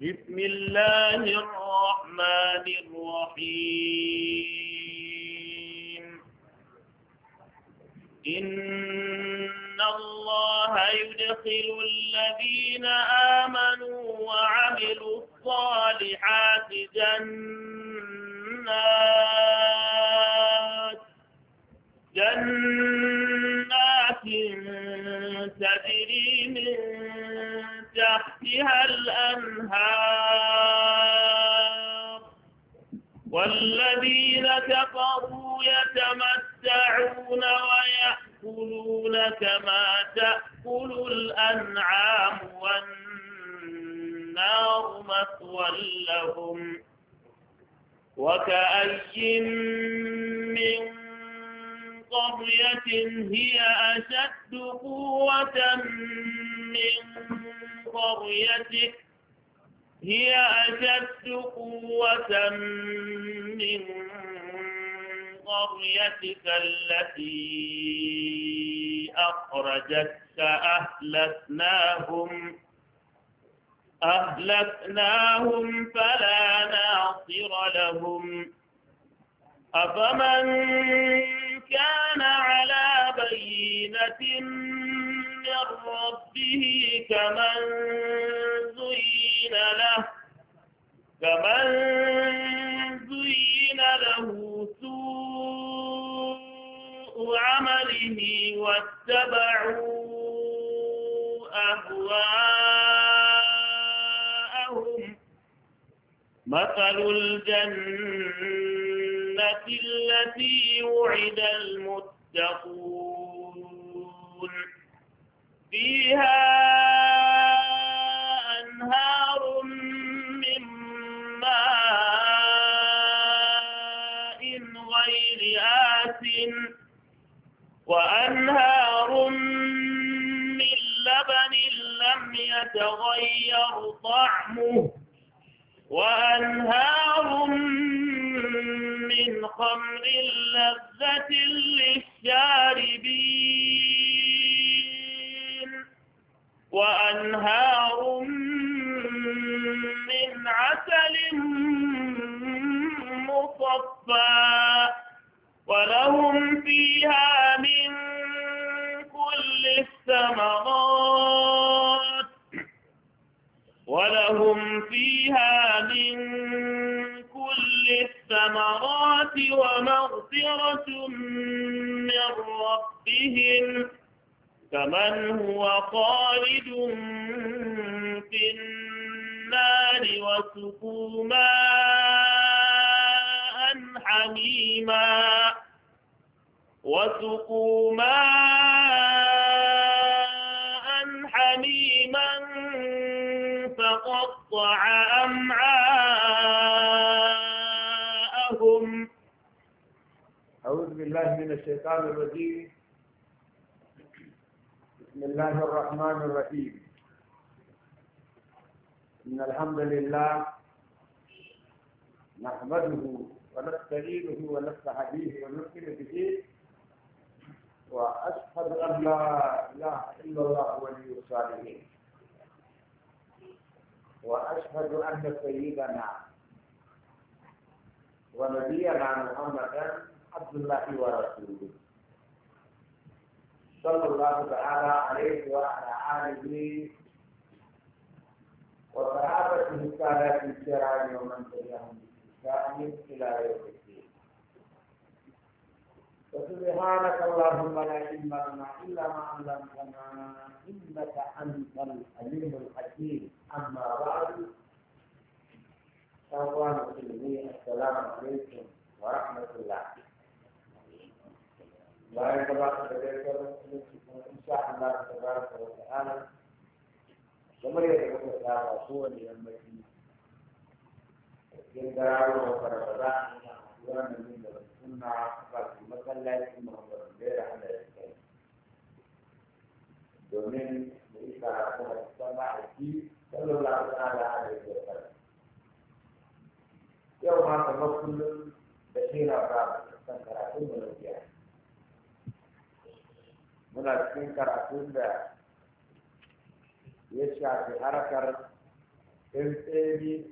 بسم الله الرحمن الرحيم إن الله يدخل الذين آمنوا وعملوا الصالحات جنات جنات تجري من تحت بها الأنهار والذين كفروا يتمتعون ويأكلون كما تأكل الأنعام والنار مثوى لهم وكأي من قرية هي أشد قوة من قريتك هي أشد قوة من قريتك التي أخرجتك أهلكناهم أهلكناهم فلا ناصر لهم أفمن كان على بينة من ربه كمن زين له كمن زين له سوء عمله واتبعوا أهواءهم مثل الجنة التي وعد المتقون فيها آله وصحابته قال في الشرع ومن تبعهم بإحسان إلى يوم الدين فسبحانك اللهم لا علم لنا إلا ما علمتنا إنك أنت العليم الحكيم أما بعد فأخوان المسلمين السلام عليكم ورحمة الله لا يتبعك بذلك إن شاء الله تبارك وتعالى لما يتبعك على رسول لما يمكن دراوة وفرغبان وأنا من السنة قد مثل لا يتم غير على الإسلام دومين ليس على السماء الدين صلى الله تعالى عليه وسلم يوم هذا مسلم بشير أبراهيم استنكر كل من الجهل ملاكين كرأتون دا يشعى في حركة إمتاني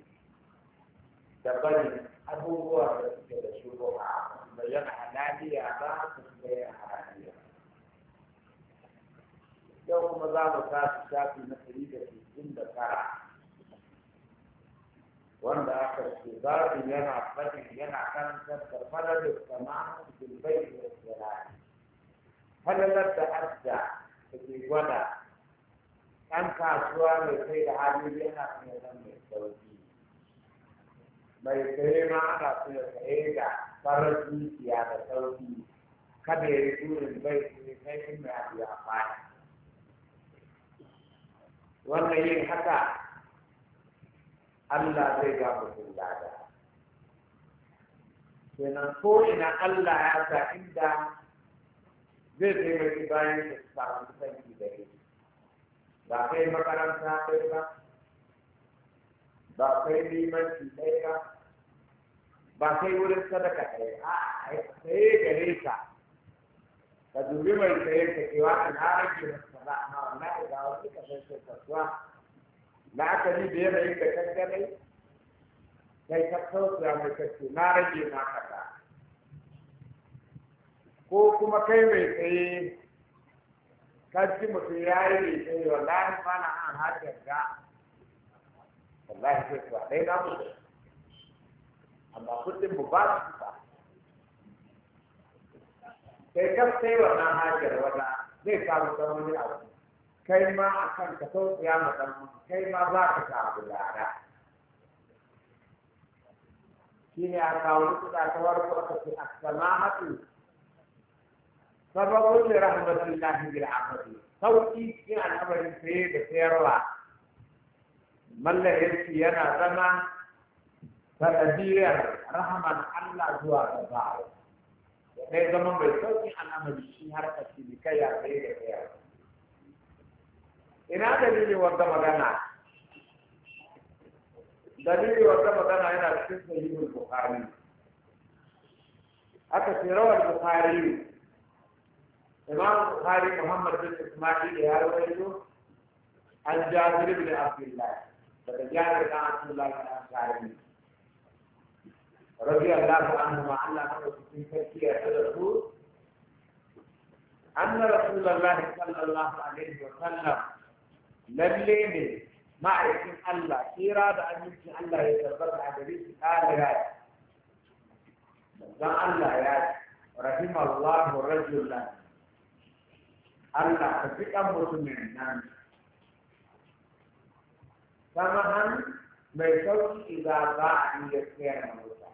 دبني أبو هو كده شوفوا معاهم بيان حلالي أعطاك وشبه حلالي لو ما زال كاس شافي مسريدة في جندة كرة وأنا أخر في ظهري ينعقدني ينعقدني تبقى فلد السماء في البيت والسلام falalar da adda da ke gwada ɗan kasuwa mai sai da hali yana suna zan mai sauki mai saye ma ana suna saye da farar dukiya da sauki kada ya yi burin bai su kai in mai abu ya wannan yin haka Allah zai ga mutum lada kenan ko ina Allah ya sa inda zai taimaki bayan da su samu kusanci ba kai makaranta ɗaya ba ba kai limanci ɗaya ba ba kai wurin sadaka ɗaya a tsaye gare ka ka dubi mai tsaye ka cewa an harage masa ba amma wallahi ga wasu kasashen kasuwa la'akari da yanayin da kankanai kai ka sauya mai kasu na rage na ko kuma kai mai tsaye kan ci mutum ya yi mai tsaye wallahi mana an hajjar ga wallahi sai kuwa ɗaya na mu amma kudin mu ba su ba sai kan sai wannan hajjar wata zai samu ɗan wani abu kai ma a kan ka tausaya ma ɗan kai ma za ka samu lada shi ne a kawo kuɗa ta warko aka ce a samahatu sababin da rahmatin lahi bil amri sauki cikin al'amarin saye da sayarwa mallahirci yana zama sanadiyar rahman Allah zuwa ga ba'a sai zama mai sauƙin al'amari shi har ka ci kai ya sai da sayarwa ina dalili wanda magana dalili wanda magana yana cikin sahihul bukhari aka ce rawar bukhari إمام البخاري محمد بن إسماعيل يا روايته عن بن عبد الله فتجابر كان عبد الله الأنصاري رضي الله عنهما عن أنه في تركيا تدخل أن رسول الله صلى الله عليه وسلم ما معرفة الله إرادة أن يمكن الله يتبرع على قال يا الله يا رحم الله رجلا Allah ka fi ɗan mutumin nan samahan mai sauki idan ba a iya tsayar da wuta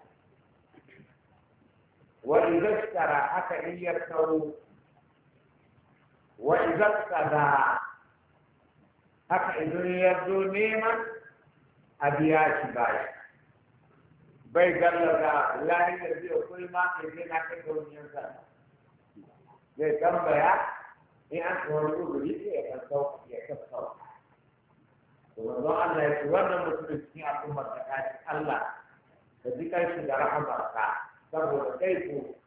wa idan tsara aka iya tsawo wa idan tsada haka idan ya zo neman a biya shi baya bai gallaga lari da zai kulma ne zai na kai zai tambaya in an kuma ruburi sai ya kan sauka ya kan sauka to manzo Allah ya ce wannan mutumin cikin al'ummar da ka ji Allah da jikan shi da rahamarka saboda kai ko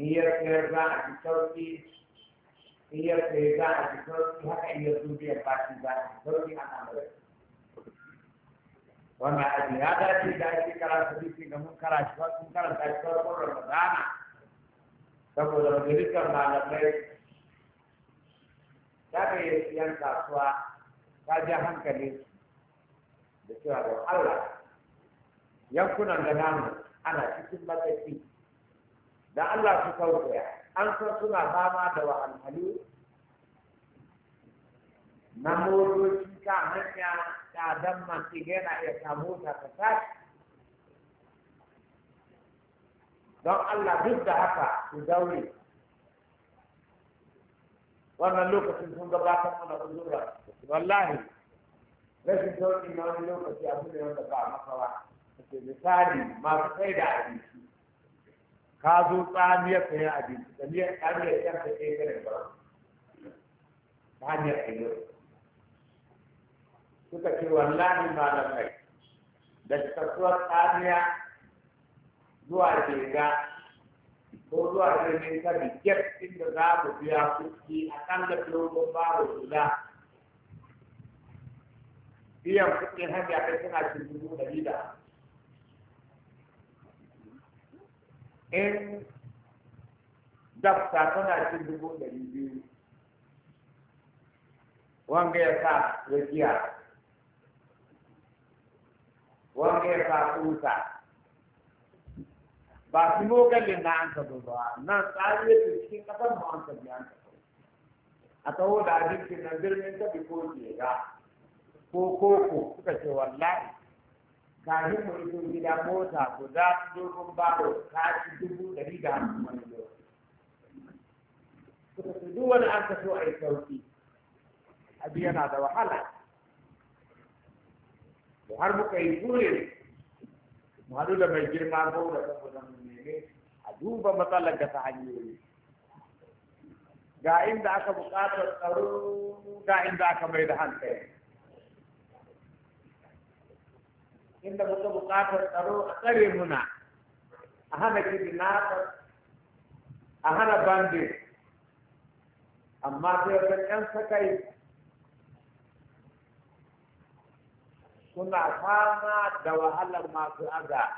in ya kai za a ji sauki in ya kai za a ji sauki haka in ya zubi ya baki za a ji sauki a nan wannan aji ya dace da ake karatu bisi ga mun karanta shi farkon Ramadana saboda majalisar malamai za ka iya siyan kasuwa ka hankali da cewa da Allah yankunan da namu ana cikin mataki da Allah su tausaya an san suna fama da wahalhalu na motoci ka hanya tsadan masu yana iya samu ta ta tashi don Allah duk da haka su daure wannan lokacin sun gabatar mana uzura wallahi rashin sauƙi na wani lokaci abu ne wanda ba makawa ce misali masu kai da abinci ka zo tsamiyar sayan abinci da miyar tsamiyar yan ta ke kare ba ta hanyar ilo suka ce wallahi malamai da kasuwar tsamiya zuwa jega ko zuwa birnin kano jet inda za ku biya kuɗi a kan da filofin babu guda biyan kuɗin hanya kai suna cin dubu ɗari da in dafta cin dubu ɗari biyu wanga ya sa rakiya wanga ya sa ba su mogalin na an ka ba nan tsari ya cikin kasar mu an ka biya an ka a taho da abincin nan birnin ta ko jera ko koko suka ce wallahi kafin mu iso gida mota guda dogon baro ta ci dubu dari da hannu wani lokaci suka ce duk wani an ka so a yi sauki abi na da wahala har muka yi burin mu haɗu da mai girma gauda saboda mu neme a duba matsalar da ta hanyoyi ga inda aka buƙatar tsaro ga inda aka mai da hankali inda muka buƙatar tsaro a tsare muna a hana kidnapper a hana bandit amma sai wajen 'yan sakai suna fama da wahalar masu aza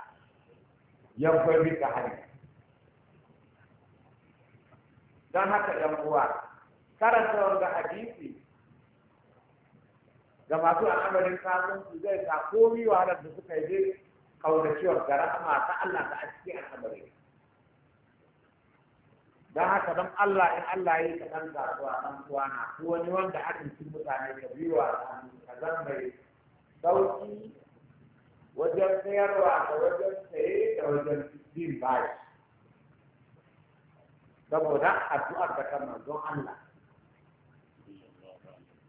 yankon rika hari don haka yan uwa karanta wanda hadisi ga masu al'amarin kasuwanci zai ta komi wahalar da suka yi kaunacewar da rahama ta Allah da a cikin al'amarin don haka don Allah in Allah yi ka ɗan kasuwa ɗan kuwa na ko wani wanda haɗin cin mutane ka biyo a ka zan mai صوتي وزن سير واحد وزن سيد وزن سجين بايش دبو دا الدؤر دا كما زو عنا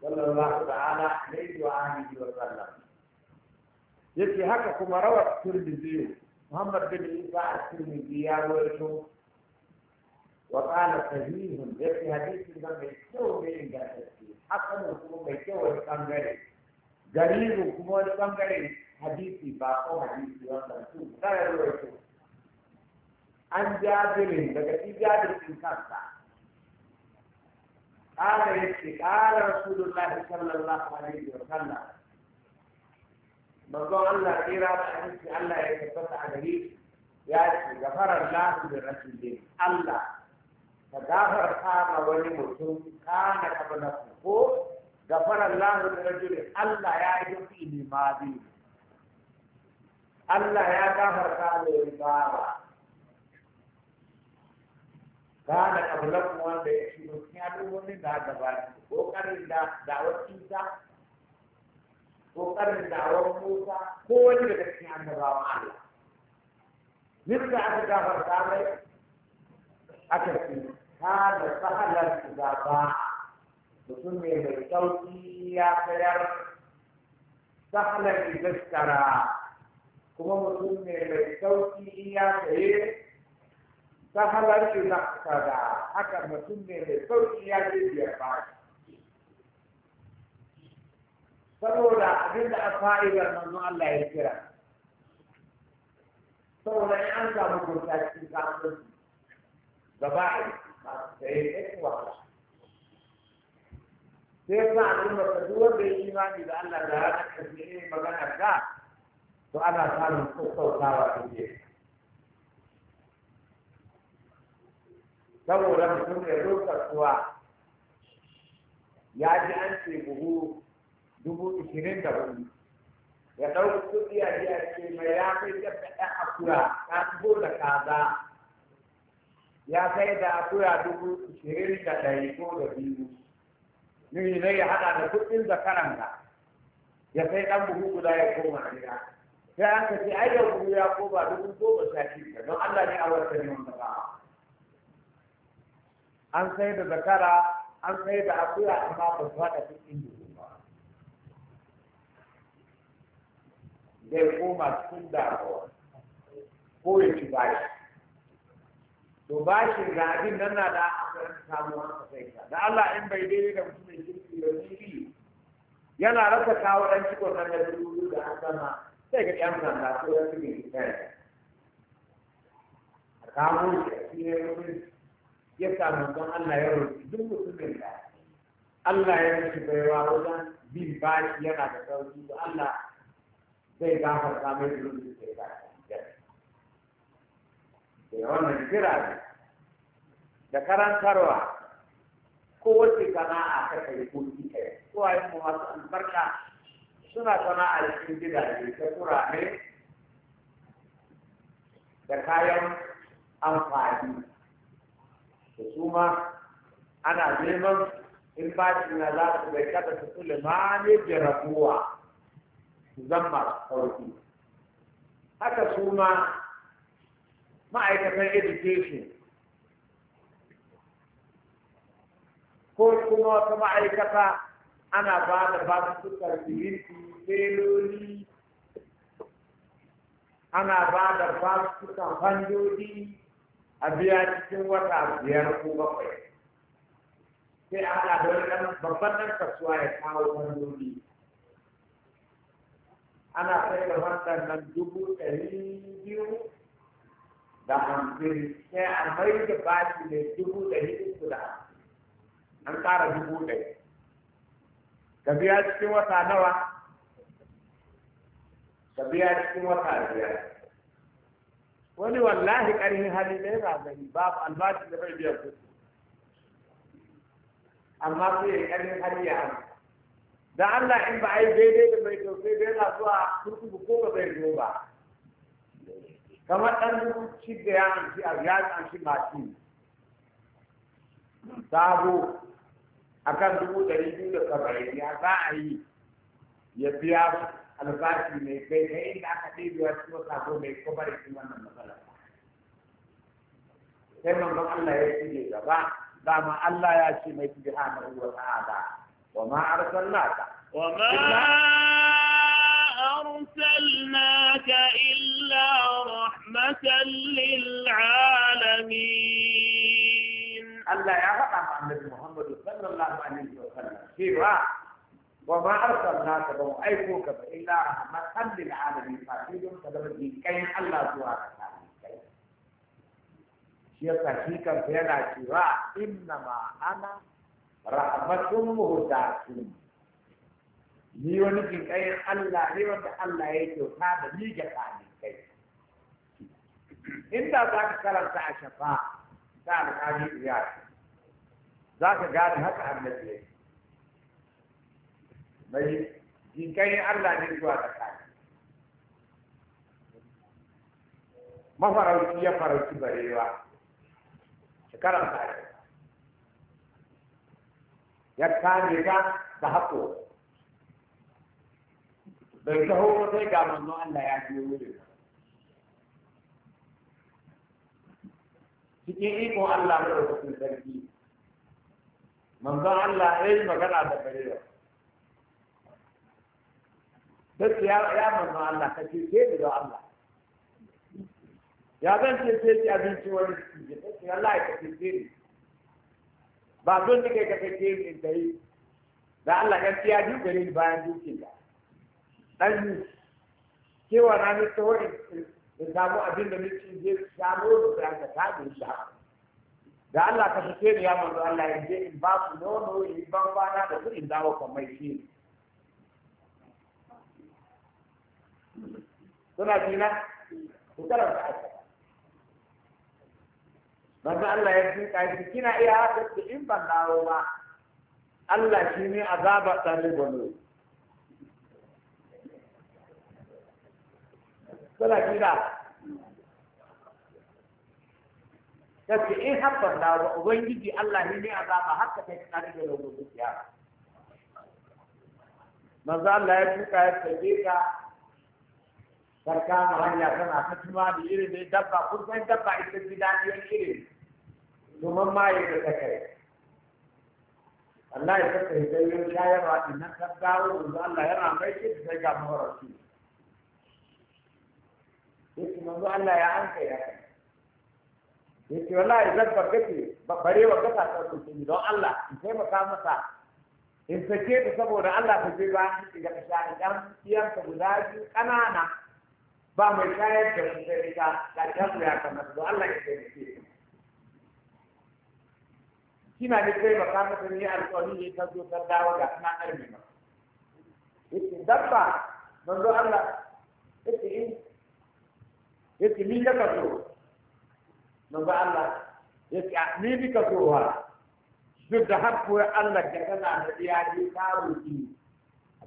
صلى الله تعالى عليه وآله وسلم يكي هكا كما روى الترمذي محمد بن عيسى الترمذي يا ويشو وقال صحيح يكي حديث من من حسن وسلم يكي ويشو dalilu kuma wani bangare hadisi ba ko hadisi ba ba su kare ruwa su an jabirin daga ijabirin kansa kare yake kare rasulullah sallallahu alaihi wa sallam manzo Allah kira da hadisi Allah ya tabbata a gari ya ce gafarar lahu da rasulullah Allah ka gafarta ma wani mutum kana kabana ko غفر الله للرجل الله يا يجي لماضي الله يا غفر قال بابا قال قبلكم وانت يشيلون يعلمون دا دبار وقال دا دعوة كيسا وقال دعوة موسى هو اللي بتحكي عن عالي الله نرجع غفر قال أكثر هذا سهل إذا باع mutum ne mai sauki ya sayar sahlan izaskara kuma mutum ne mai sauki in ya saye sahlan izaskara haka mutum ne mai sauki ya je biyar bashi saboda abin da a fa'idar manzon Allah ya kira saboda in an samu kurta ba kasuwanci gaba yi masu saye ɗaya wahala sai yasa al'umma ka duk wanda ya imani da Allah da ranar ƙarshe ne magana da to ana samun sassautawa a duniya saboda mutum ya zo kasuwa ya ji an ce buhu dubu ishirin da hudu ya ɗauki kuɗi a ji a ce mai ya kai yadda ɗan akura ya fito da kaza ya kai da akura dubu ishirin da ɗari ko da biyu ni ne ya haɗa da kuɗin zakaran ka ya kai ɗan buhu guda ya koma gida sai an kashe ce ai da buhu ya koma dubu goma sha shida don Allah ne a wata ne wanda ba an sai da zakara an sai da akuya amma ba su haɗa kuɗin buhu ba zai koma cikin damuwa ko ya ci baya? to bashin ga abin nan na da akwai samuwa a kai da Allah in bai daidai da mutum mai kirki da kirki yana rasa kawo ɗan cikon nan da dubu da asama, sama sai ga yan sanda ko yan cikin kai a kamo shi a cikin rufin ya samu don Allah ya rufe duk mai da Allah ya rufe baiwa wajen bin bashi yana da sauki to Allah zai gafarta mai da rufin sai Eh, wannan kira ne da karantarwa kowace sana'a ta kai kuɗi kai kowaye mu masu albarka suna sana'a cikin gidaje ta kurame da kayan amfani da su ma ana neman in ba shi na za su bai kada su sulimani da rabuwa su zama sauki haka su ma ma'aikatan education ko kuma wata ma'aikata ana ba da basussukan siminti feloli ana ba da basussukan hanjoji a biya cikin wata biyar ko bakwai sai ana da wani ɗan babban ɗan kasuwa ya kawo hanjoji ana sai da wannan dubu ɗari biyu da hamsin sai a mai da bashi mai dubu ɗari uku da hamsin an ƙara dubu ɗaya. ka biya cikin wata nawa ka biya cikin wata biyar wani wallahi ƙarfin hali da yana gani babu albashi da bai biya kuɗi amma sai yi ƙarfin hali ya hannu da Allah in ba a yi daidai da mai tausayi da yana zuwa kurkuku ko ba zai zo ba kamar ɗan dubu shidda ya amshi a ya amshi mati sabo a kan dubu ɗari biyu da saba'in ya za a yi ya biya albashi mai kai kai inda aka ɗebe wa cikin sabo mai kwabar shi wannan matsala sai manzon Allah ya shige gaba dama Allah ya ce mai subhanahu wa ta'ala وما أرسلناك وما أرسلناك إلا rahmatan lil Allah ya faɗa ma Muhammadu Muhammad sallallahu alaihi wa sallam cewa wa ma arsalnaka ba mu aiko ka ba illa rahmatan lil alamin fa kidun ka da kai Allah zuwa ka shi ya sa shi kan yana cewa inna ma ana rahmatun muhdatin ni wani jin kai Allah ne wanda Allah ya kyauta da ni ga kai inda za ka karanta a shafa ta alƙali iya za ka gane haka annabi ya mai jinkayin Allah ne zuwa tsakani mafarauci ya farauci barewa shi karanta ya ya kame ka da haƙo bai taho sai ga manzo Allah ya biyo wurin cikin ikon Allah mai rukun sarki manzon Allah ya yi magana da barewa duk ya ya manzon Allah ka ce ke da Allah ya zan ce ce ki abinci wani ciki ya ce Allah ya kace ce ba don da kai ka kace ni in tayi da Allah ya gaskiya duk gare ni bayan dukin ka dan ni kewa na ni to ya samu abin da mutum zai samu da ranka ta da sha da Allah ka fice ni ya manzo Allah ya je in ba ku nono in yi ban bana da kudin dawo kan mai shi suna jina ku karanta aka manzo Allah ya ji kai kina iya haka in ban dawo ba Allah shi ne azaba talibanu suna kira ta ce in eh, haɓar da wa ubangiji Allah ne ne azaba har ka kai kana da yau gobe kiyama manzo Allah ya tuka ya tsaye ka sarkama hanya tana ta tuma da irin da dabba ko san dabba ita gida ne irin domin ma yi da kai Allah ya saka hidayen shayarwa idan ka dawo manzo Allah yana mai shi da ga mawarci yake manzo Allah ya anka ya kai yake wallahi zan ce, bare wa gasa ta ku ce don Allah in kai maka masa in sake ta saboda Allah ta je ba shi ga shani dan iyan ta guda biyu kanana ba mai shayar da su sai ta da ta ya kamata don Allah ya taimake kina ne kai maka masa ne alƙawari ne ta zo ta dawo ga kana arme maka yake dabba manzo Allah yake in yace ni ka so manzo Allah yace ni bi ka so wa duk da har ko Allah da kana da iyaji kawo ki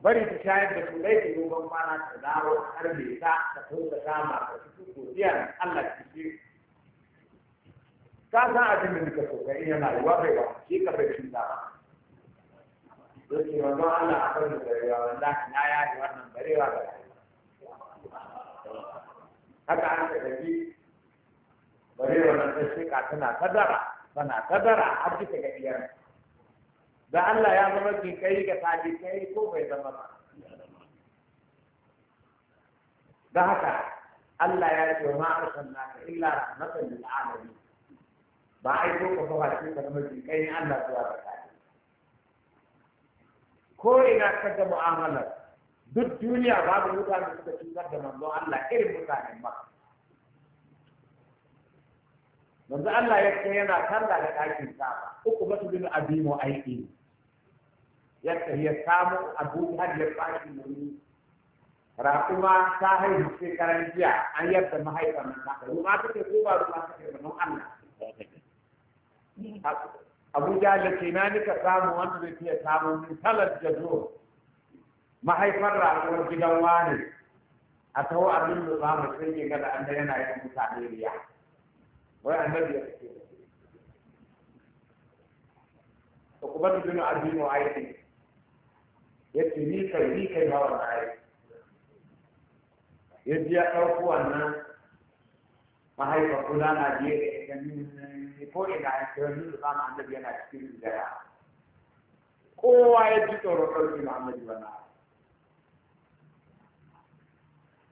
bari ta shayar da kulai da noman kwana ta dawo har me ta ta so ta kama ta cikin godiya Allah ki shi ka san abin da ka so kai na ruwa bai ba shi ka bai shi da yake manzo Allah akan da barewa wanda na yaji wannan barewa ga haka an ka tafi bare wannan ta shika tana kadara tana kadara har bisa ga iyar da Allah ya zama kin kai ga tabi kai ko bai zama ba da haka Allah ya ce ma arsalnaka illa rahmatan lil alamin ba ai ko ka ba shi ka zama kin kai Allah zuwa ga ko ina ka ga mu'amalar duk duniya babu mutane da suka cutar da manzo Allah irin mutane ba manzo Allah ya ce yana talla da ɗakin sa uku ba su bin abimo aiki ya ya samu abu har ya fashi muni raƙuma ta haihu karan jiya an yadda mahaifar nan ta kai ruwa take ko ba ruwa take da nan Allah Abuja da ke na nika samu wanda zai fiye samun min talar jazor mahaifar rayuwar gidan wani a tawo abin da za mu sirke gada an da yana yin mutane riya wai annabi ya ce to kuma da bin addini wa aiki yace ni kai ni kai ba wannan aiki ya ji ya ɗauko wannan mahaifar kula na biye da ita ko ina ya ce wani da za mu annabi yana cikin gida kowa ya ji tsoron ɗauki Muhammadu wannan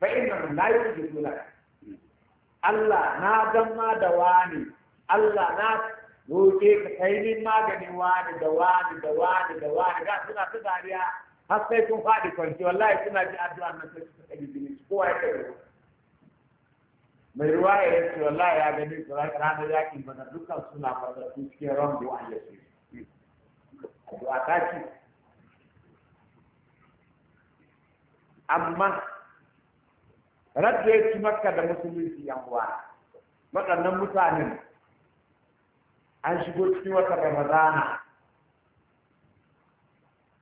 fa innahu la yujibu lak Allah na gamma da wani Allah na roƙe ka kai ni maganin wani da wani da wani da wani ga suna ta dariya har sai sun faɗi kwanci wallahi suna ji addu'a na sai suka ɗage kowa ya kai mai ruwa ya ce wallahi ya gani ranar yakin bana dukkan suna matattu ran ta ce amma radda ya ci makka da musulunci yan uwa waɗannan mutanen an shigo cikin wata ramadana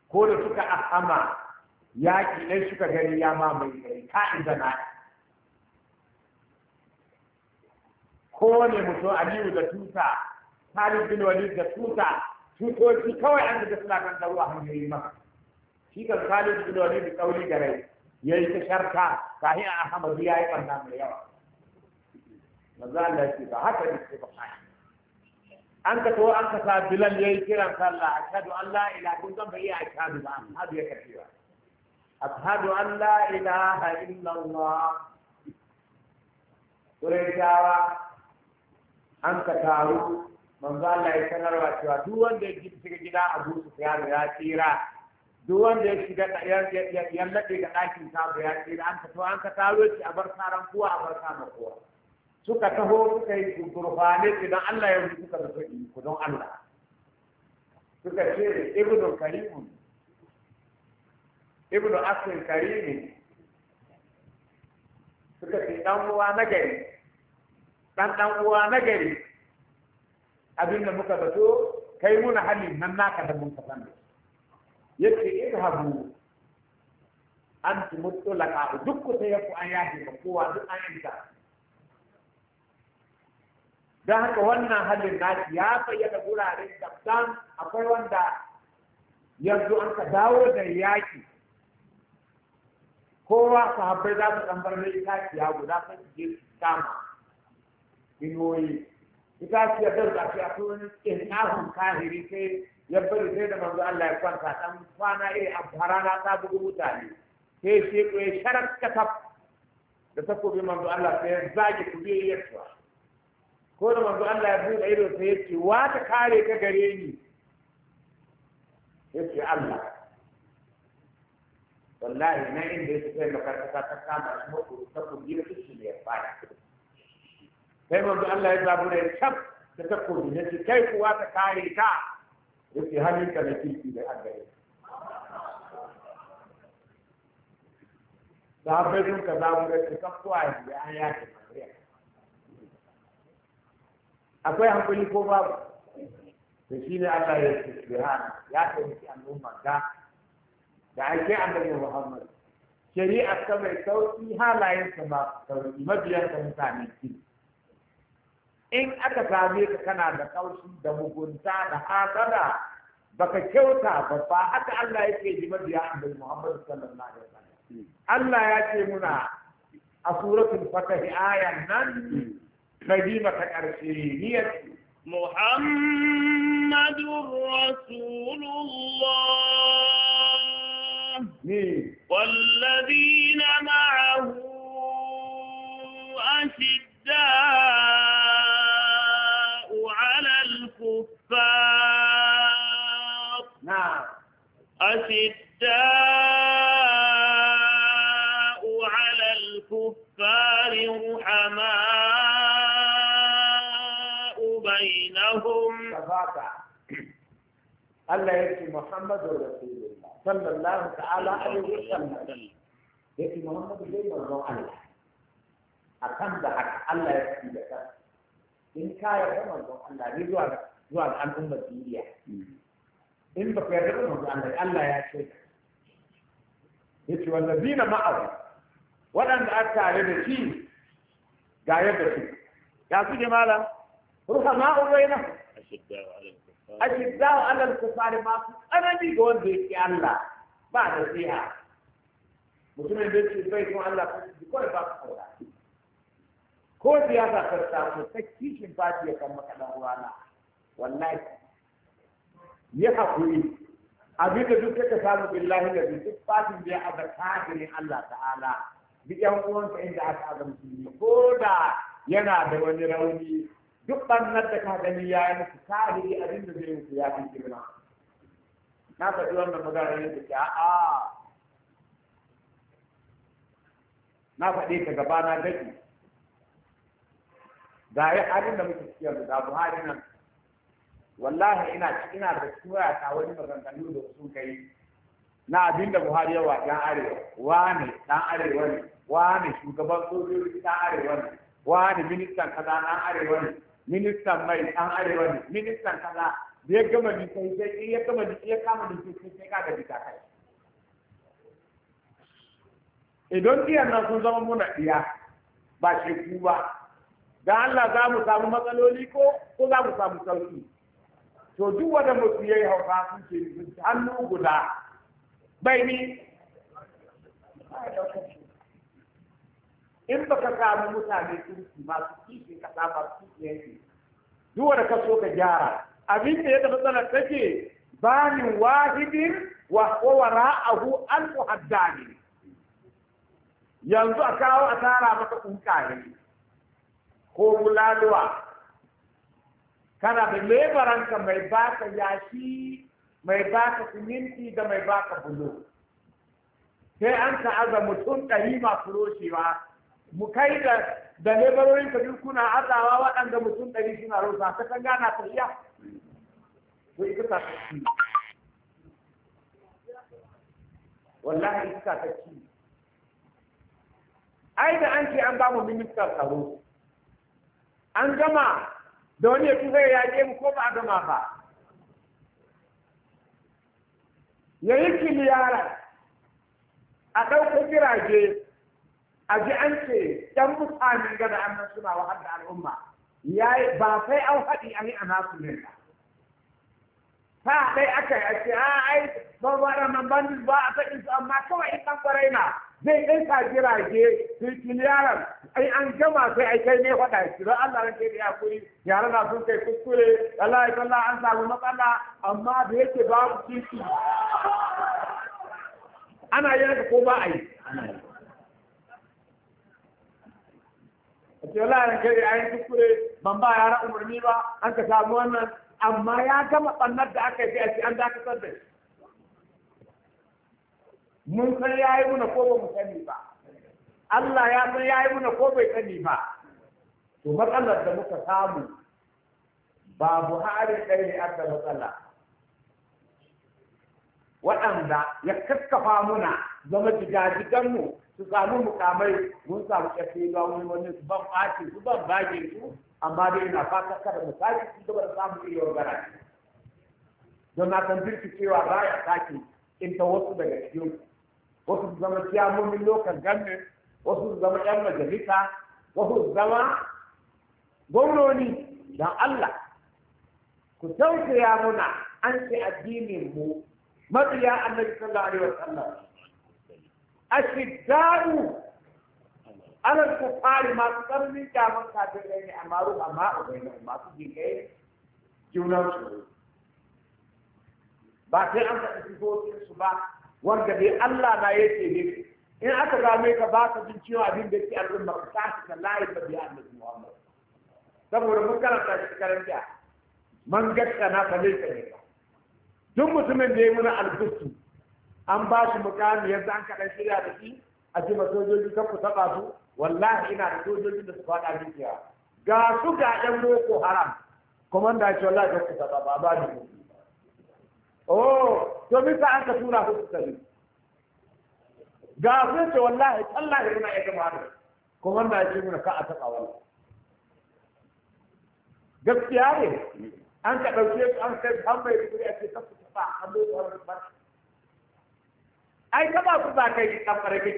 ko da suka ahama yaƙi ɗan suka gani ya mamaye gari ka'in da na ne mutum aliyu da tuta talib bin walid da tuta tutoci kawai an da suna kan tsaro a hanyoyi ma shi kan talib bin walid da tsauri da rai ya yi ta sharka kahi a hama ya yi ɓarna mai yawa maza a lafi ba haka ne ce ba kai an ka to an ka sa bilal ya yi kiran sallah shaɗu an la ilaha kun zan bai shaɗu ba ashhadu ya a shaɗu an la ilaha illallah Qurayshawa an ka taru manzo Allah ya sanarwa cewa duk wanda ya ji gida Abu Sufyan ya tsira duk wanda ya shiga ya laɗe ga ɗakin sabu ya tsira an ka to an ka taro shi a bar saran kowa a bar sama kowa suka taho suka yi gurfane idan Allah ya rubuta suka rufe ku don Allah suka ce ibnu karimun ibnu asir karimi suka ce dan uwa na gari dan dan uwa na gari abinda muka zato kai muna halin nan naka da mun kasance yake irhabu an ti mutlaka duk ku ta ku an yaje ba kowa duk an yi da dan haka wannan halin nashi ya fayyada wuraren kaftan akwai wanda yanzu an ka dawo da yaki kowa sahabbai za su ɗan bar mai itaciya guda sai su je su kama ita ce ya dauka shi a tuwon ƙinnahun kahiri sai ya bari sai da manzo Allah ya kwanta dan kwana eh a ta bugu mutane sai sai ko ya sharar katab da takobi manzo Allah sai ya zage kuje ya tsuwa ko da manzo Allah ya buɗe ido sai ya ce wa ta kare ka gare ni ya ce Allah wallahi na inda ya sai makarkata ta kama shi mako ta yi da su ne ya fara فهمت الله يبابون الشب تتقل لنسي كيف وات كاريكا وفي هم انت نتيل في الأدبية تابدون كذابون تتقوا عيب لآيات المغرية أقول هم كل كباب تشين الله يسبحان ياتي في أن أمم دا دا أيك عند محمد شريعة كما يسوي فيها لا يسمى توجيه ما بيان كم تاني كذي in aka same ka kana da kaushi da mugunta da hasada baka kyauta ba ba haka Allah yake ji mabiya annabi Muhammad sallallahu alaihi wasallam Allah ya ce muna a suratul fatah ayan nan kalima ta karshe niyyat Muhammadur Rasulullah walladina ma'ahu ashidda أشداء على الكفار رحماء بينهم الله يكفي محمد رسول الله صلى الله تعالى عليه وسلم يكفي محمد زي ما هو الله أكم بحق الله يكفي لك إن كان يوم الله رضوان رضوان عن أمة الدنيا ان تقدر ان تقول لك الله يا شيخ يتي والذين معه ولن اتى لبشي جاي بشي يا سيدي مالا روح ما اوينا اشداء على الكفار ما انا دي جون بيتي الله بعد فيها مسلمين بيتي بيت مع الله بكل باب حولها كل يا ذا كرتاب تكتيش من بعد يا yi haƙuri abin da duk ka samu billahi da duk fatin da ya aza kafirin Allah ta'ala duk yan uwansa inda aka aza ne, ko da yana da wani rauni duk ɓannar da ka gani ya yi musu kafiri abin da zai musu ya fi kimina. na faɗi wannan magana ne da ke a'a na faɗi ta gaba na daɗi ga yi halin da muke cikin da buhari nan wallahi ina ina da tura ta wani maganganu da sun kai na abin da Buhari yawa ɗan arewa wani ɗan arewa ne wani shugaban sojoji ɗan arewa ne wani ministan kaza ɗan arewa ne ministan mai ɗan arewa ne ministan kaza da ya gama sai sai ya gama sai ya kama sai sai ka ga bita kai idan iyan nan sun zama muna iya ba shi ku ba dan Allah za mu samu matsaloli ko ko za mu samu sauki to duk wanda mutu yayi hauka sun ce hannu guda bai ni in ba ka samu mutane kirki masu kishi ka samu masu kishi yanki duk wanda ka so ka gyara abin da ta matsala take ni wahidin wa an alfu haddani yanzu a kawo a tara maka kunkaye ko bulaluwa kana da lebaranka mai baka yashi mai baka siminti da mai baka bulo sai an ta'aza mutum ɗari masu roshewa mu kai da da lebarorin ka kuna azawa waɗanda mutum ɗari suna rosa ta kan gana iya? ko ita ta tafi wallahi ita ta tafi ai da an ce an ba mu ministan tsaro an gama da wani ya tuba ya mu ko ba a gama ba ya yi kiliyara a ɗauko jirage a ji an ce ɗan mutane gada annan suna wahal da al'umma ba sai an haɗi an yi a nasu ne ba ta dai aka yi a ce a ai ba ba da man ba a sakin su amma kawai in ɗan na zai ɗinka jirage su kiliyaran ai an gama sai ai kai ne faɗa shi don Allah ran kai da yakuri yaran na sun kai kuskure Allah ya kalla an samu matsala amma da yake babu titi ana yi haka ko ba a yi ake ce Allah ran kai da ayin kuskure ban ba yaran umarni ba an ka samu wannan amma ya gama ɓannar da aka yi a ce an dakatar da shi mun san ya yi muna ko ba mu sani ba Allah ya san ya yi muna ko bai sani ba to matsalar da muka samu ba buhari ɗaya ne aka matsala waɗanda ya kakkafa muna zama jigajiganmu su samu mukamai mun samu ƙafi ba mun wani ban ɓaci su ban bage su amma dai ina fata kada mu sake su gaba da samun iya gara don na san birki cewa ba ya sake in ta wasu daga cikin wasu su zama ciyamomin lokacin government wasu su zama ɗan majalisa wasu su zama gwamnoni don Allah ku tausaya muna an ce addinin mu mabiya annabi sallallahu alaihi wasallam ashidda'u ala kufari masu tsarnin kyaman kafin ne amma ma ma'ubaina masu jinkai junan su ba sai an faɗi su ba wanda dai Allah na yake ne in aka game ka ba ka jin cewa abin da ke arzun ta ka layi ba biya annabi Muhammad saboda mun karanta shi karanta man gaska na ka laifin ne duk mutumin da ya muna albustu an ba shi mukami yadda an kaɗan shirya da shi a jima sojoji kan ku taɓa su wallahi ina da sojoji da su faɗa dukiya ga su ga ɗan boko haram komanda shi wallahi kan ku taɓa ba ba da mutum oh to me an ka tura su tabi ga sun ce wallahi ya muna iya gama da kuma na ji muna ka a taɓa wallahi gaskiya ne an ka ɗauke an kai an bai rubuta a ce kasu ta ba an bai tsoron ba ai ta ba su za ka yi ɗan farge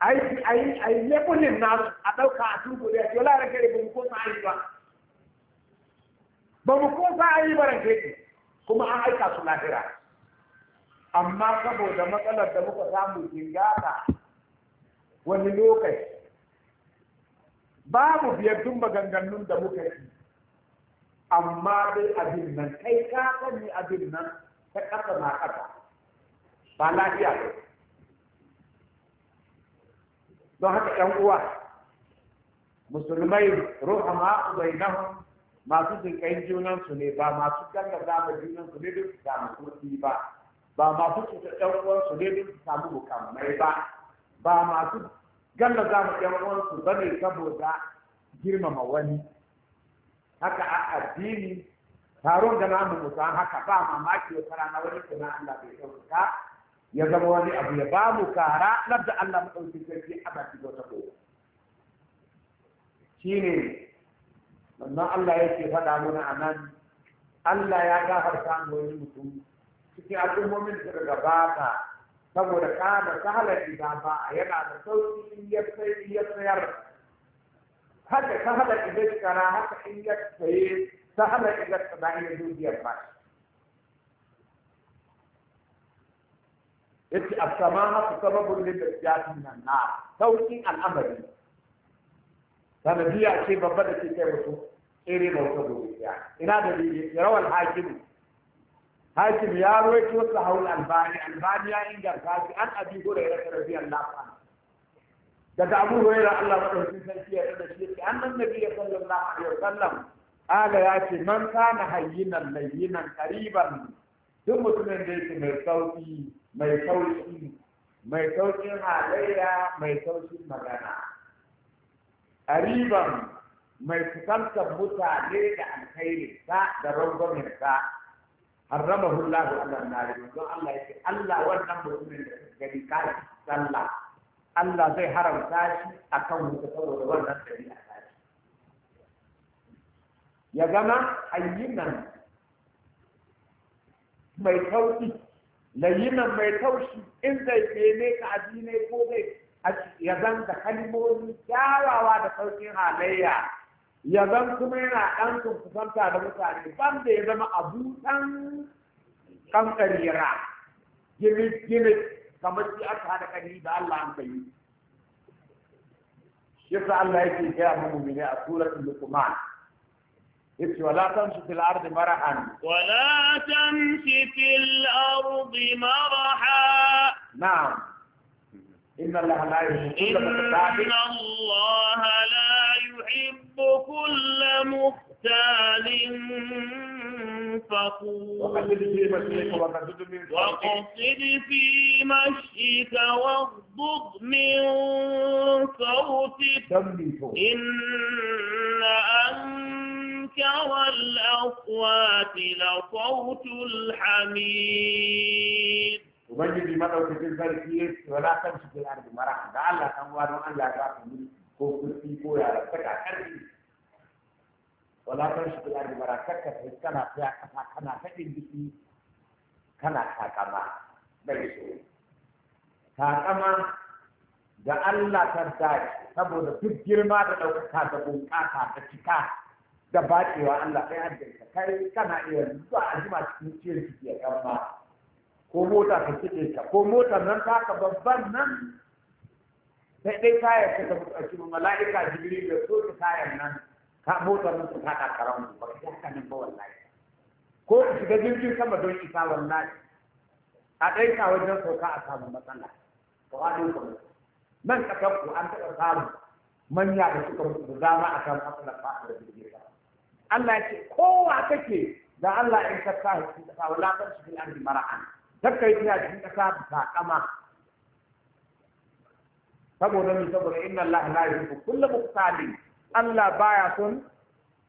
ai ai ai ne kullum nasu a ɗauka a tubu da ya ce wala rage da bin ko ta ba ba mu za an yi barake kuma an aika su lahira amma saboda matsalar da muka samu jingata wani lokaci babu biyattun maganganun da muka yi amma dai abin nan kai ka sani abin nan ta ƙasa na ƙasa ba lafiya ba don haka ‘yan uwa musulmai ruhama bainahum masu jinkayin junansu ne ba masu ganga zama junansu ne don samu kuɗi ba ba masu cuta ɗan uwansu ne don samu mukammai ba ba masu ganga zama ɗan uwansu ba ne saboda girmama wani haka a addini taron da namu musa haka ba mamaki wata rana wani kuma Allah bai ya zama wani abu ya ba mu kara labda Allah mu ɗauki sarki a ta wata kowa shine sannan Allah ya ce faɗa mana a nan Allah ya gafarta mu wani mutum cikin al'ummomin da suka gabata saboda kana sahalar ba a yana da sauƙi in ya sayar haka sahalar idan kara haka in ya saye sahalar idan kada ya dubiyar ba yace as-samaha sababun lil-jahannam na sauƙin al'amari biya ce babba da ke kai mutum tsere da wata gobe ina da dalili rawal hakimu hakim ya ki wasu haul albani albani ya inganta shi an abi hurairah radiyallahu anhu daga abu da Allah san shi ya tada shi an nan nabi sallallahu alaihi wasallam aga ya ce man kana hayyinan layyinan qariban duk mutumin da yake mai sauki mai sauki mai sauƙin halayya mai sauƙin magana ƙariban mai kusantar mutane da alkhairi ta da rangwamen ta harrama hullahu Allah na da don Allah ya ce Allah wannan mutumin da suka gani kare sallah Allah zai haramta shi akan wuta saboda wannan ɗabi'a ta shi ya zama ayyinan mai taushi layinan mai taushi in zai neme ka addinai ko zai ya zan da kalmomi kyawawa da sauƙin halayya ya zan kuma yana ɗan kusanta da mutane ban da ya zama abutan kankarira gimit-gimit kamar shi aka haɗa kani da Allah an kai Allah yake gaya mu mu'mini a surar luqman yace wala tamshi fil ardi marahan wala tamshi fil ardi maraha na'am إن الله لا يحب كل مختال فخور وقصد في مشيك واغضض من صوتك إن أنكر الأصوات لصوت الحميد ubangiji madaukakin sarki ya ce kan shi fil ardi mara da Allah kan wa don Allah ya ka ko kurfi ko yara saka karfi wala kan shi fil ardi mara kakka sai kana ta kasa kana ta biki kana takama da shi takama da Allah ta dace saboda duk girma da ɗaukaka da bunƙasa da cika da baƙewa Allah sai haddasa kai kana iya zuwa a jima cikin ciyar ciki ya kan ko mota ka kiɗe ta ko mota nan ta ka babban nan sai dai tayar ka tafi a cikin mala'ika jibril da so ta tayar nan ka mota nan ta ka karamu, ba ka ji hakan ba wallahi ko ka shiga jirgin sama don isa wallahi a dai ka wajen sauka a samu matsala ka wani kuma nan ka ku an taɓa samu manya da suka mutu da dama a kan matsalar fa'a da jirgin sama Allah ya ce kowa kake da Allah in ka sa shi ka sa wala kan an bil mara'a takka yi tana cikin ƙasa da takama saboda mu saboda inna Allah la yuhibbu kullu muqtalin Allah baya son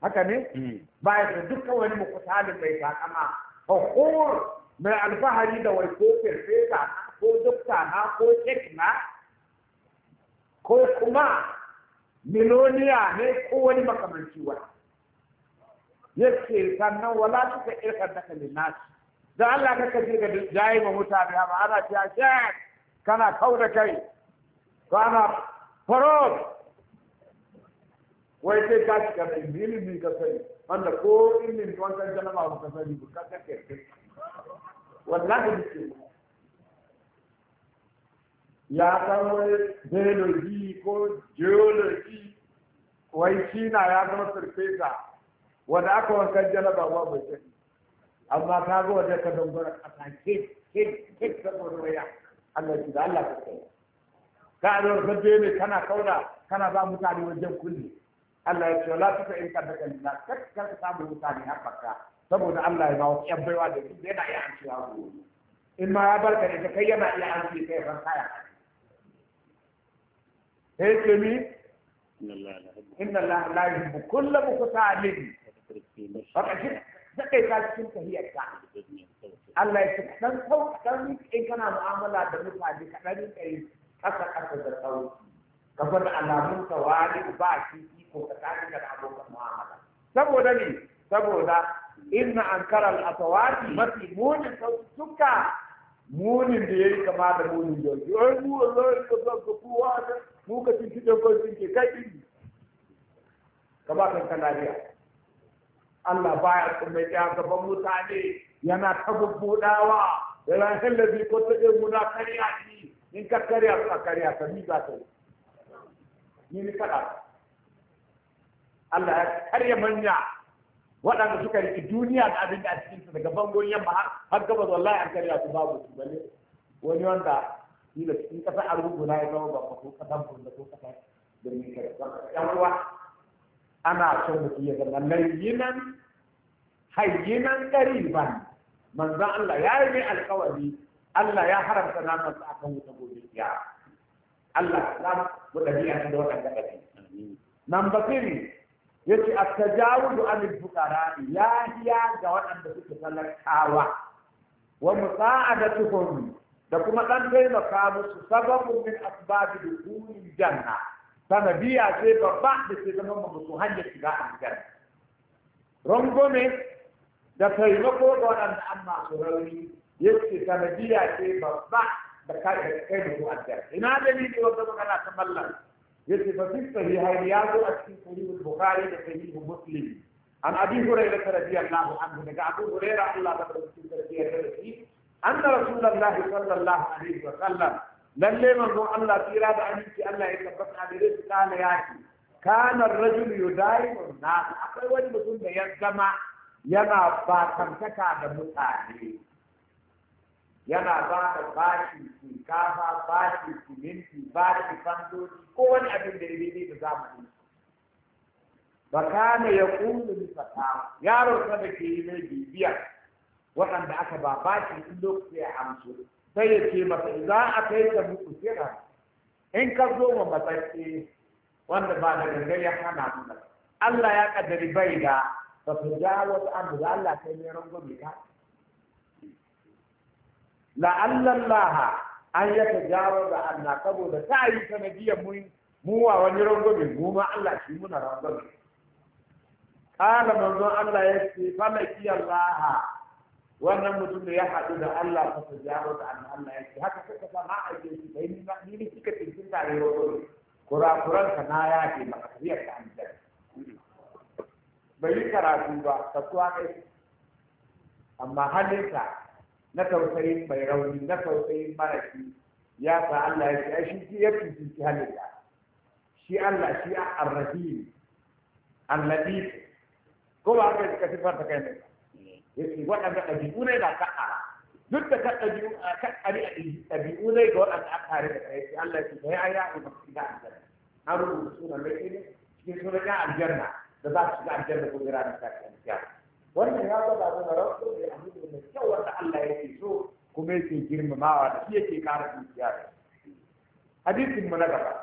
haka ne hmm. baya son dukkan wani muqtalin mai takama hukur mai alfahari da wai ko perfesa ko dokta na ko cek ko kuma miloniya ne ko wani makamanci wa yake sannan wala suka irka daga linashi da Allah ka kace ga jayi ma mutane amma ana cewa shek kana kauda kai kana farod wai sai ka shiga da ilimi ka sani wanda ko ilimin wancan jama'a ma ka sani ba ka kake wallahi ya san wani biology ko geology wai na ya zama surfesa wanda aka wankan jana ba bai sani amma ka ga wanda ka dambara ƙasa ke ke ke saboda waya Allah shi da Allah ka kai ka a zuwa sabbe mai kana kauna kana ba mutane wajen kulli Allah ya ce la ta in ka daga lila kakkar ka samu mutane haɓaka saboda Allah ya ba wasu ƴan baiwa da duk yana iya an cewa gobe in ma ya barka da kai yana iya an ce kai ran kaya sai ce mi inna Allah la yuhibbu kulla muqtalin fa kashir zakai ka cikin tahiyar ka Allah ya ce dan sau dan in kana mu'amala da mutane ka dan kai kasa kasa da sau ka bar alamun wani ba shi iko ka tsaka da abokan mu'amala saboda ne saboda inna ankara al-atawati mafi munin suka munin da yayi kama da munin da yayi ai mu wallahi ka san ka kuwa mu ka tinki da kai tinki kai ka ba kan lafiya Allah baya kuma ya gaban mutane yana ta bubbudawa yana halabi ko ta ɗin muna karya ni in ka karya ka karya ka ni za yi ni ni kada Allah ya karya manya waɗanda suka riƙi duniya da abin da a cikin su daga bangon yamma har gaba wallahi an karya su babu su balle wani wanda ni da cikin ƙasa a na ya zama babba ko da ko ƙasa da ni kada yan uwa ana son mutum ya zama layyinan hayyinan ƙariban manzan Allah ya yi mai alkawari Allah ya haramta naman sa akan wuta gobe ya Allah ya mu dabi'a da wannan gaba nan basiri yace at-tajawudu an al-fuqara ya hiya ga waɗanda suke talakawa wa musa'adatuhum da kuma dan taimaka musu sababun min asbabi dukhulil janna sanadiyya ce babba da ke zama musu hanyar shiga aljanna rangome da taimako ga waɗanda an masu rauni yake sanadiyya ce babba da kai kai musu aljanna ina dalili wanda magana ta mallan yace fa fi sahihain ya zo a cikin sahihul bukhari da sahihul muslim an abi hurairah radiyallahu anhu daga abu hurairah Allah ta barka cikin sarki ya rabi anna rasulullahi sallallahu alaihi wa sallam lalle manzon Allah tsira da aminci Allah ya tabbata a gare shi kana yaki kana rajul yudaimu na akwai wani mutum da ya zama yana bakantaka da mutane yana ba da bashi shinkafa bashi siminti bashi fandoji ko wani abin da ya daidai da zamani ba kana ya kundu ni ta yaron sa da ke yi mai bibiya waɗanda aka ba bashi in lokaci ya amsu sai ya ce masa za a kai ta muku kira in ka zo ma matsatsi wanda ba da gangan ya hana su Allah ya kaddari bai da ba su ja wasu abu da Allah kai ne rangwame ka la'allallaha an ya ta jawo da Allah saboda ta yi sanadiyar mun mu wa wani rangwame mu ma Allah shi muna rangwame kala manzon Allah ya ce falaki Allah wannan mutum da ya haɗu da Allah ta su jaro da an Allah ya ce haka suka sa na aike shi bai ni ni ne kika tinkin tare ya wuri kurakuran ka na ya ke ba kasiyar ta amsar bai yi karatu ba ta kuwa kai amma halinka na tausayin mai rauni na tausayin maraki ya sa Allah ya ce ai shi ya Shi halinka shi Allah shi ar-rahim al-latif ko ba ka ka sifar ta kai ne yake waɗanda ɗabi'u ne na kaɗa duk da ka ɗabi'u a kaɗari a ɗabi'u ne ga waɗanda aka kare da kai Allah ya ce ya ya ku ba su ga aljanna an rubuta sunan da ke cikin sunan ya aljanna da za su shiga aljanna ko jira da kafin kiyama wannan ya zaba mana rasu da ya amince da kyau wanda Allah yake so kuma yake girmamawa da shi yake kara dukiya da hadisin mu na gaba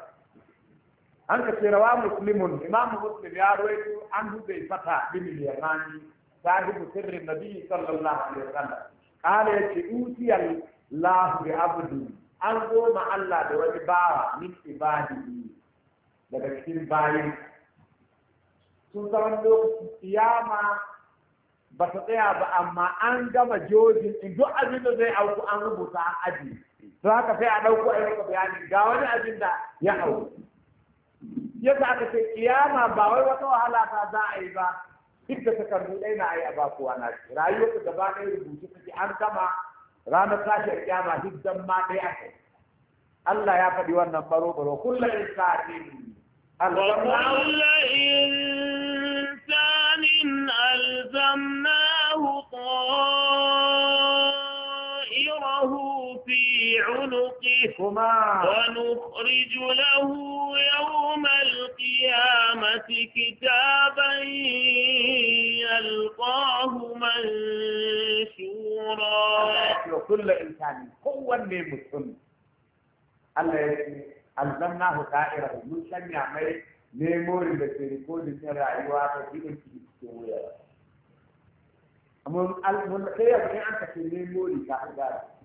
an ka ce rawa muslimun imamu muslim ya rawaito an hudai fata bin yamani sahibu sirrin nabi sallallahu alaihi wasallam kana yace utiyal lahu bi abdu an goma Allah da wani bawa min ibadihi daga cikin bayin sun zaman lokacin kiyama ba ta tsaya ba amma an gama jojin in duk abin da zai auku an rubuta a aji to haka sai a ɗauko a yi yanka bayani ga wani abin da ya auku yadda aka ce kiyama ba wai wata wahala ta za a yi ba duk da takardu ɗaya na ai a ba kowa na shi rayuwar ta gaba ɗaya rubutu take an gama ranar a kyama duk dan ma ɗaya kai. Allah ya faɗi wannan baro baro kullum in وكل إنسان ألزمناه عنقهما ونخرج له يوم القيامة كتابا يلقاه منشورا كل إنسان قوة لمسلم الذي ألزمناه دائرة المسلم يعمل نيمور بسيريكو لسرع إيوات في إنسان أمم الملقية أمم، بني أنت في نيمور يتحدث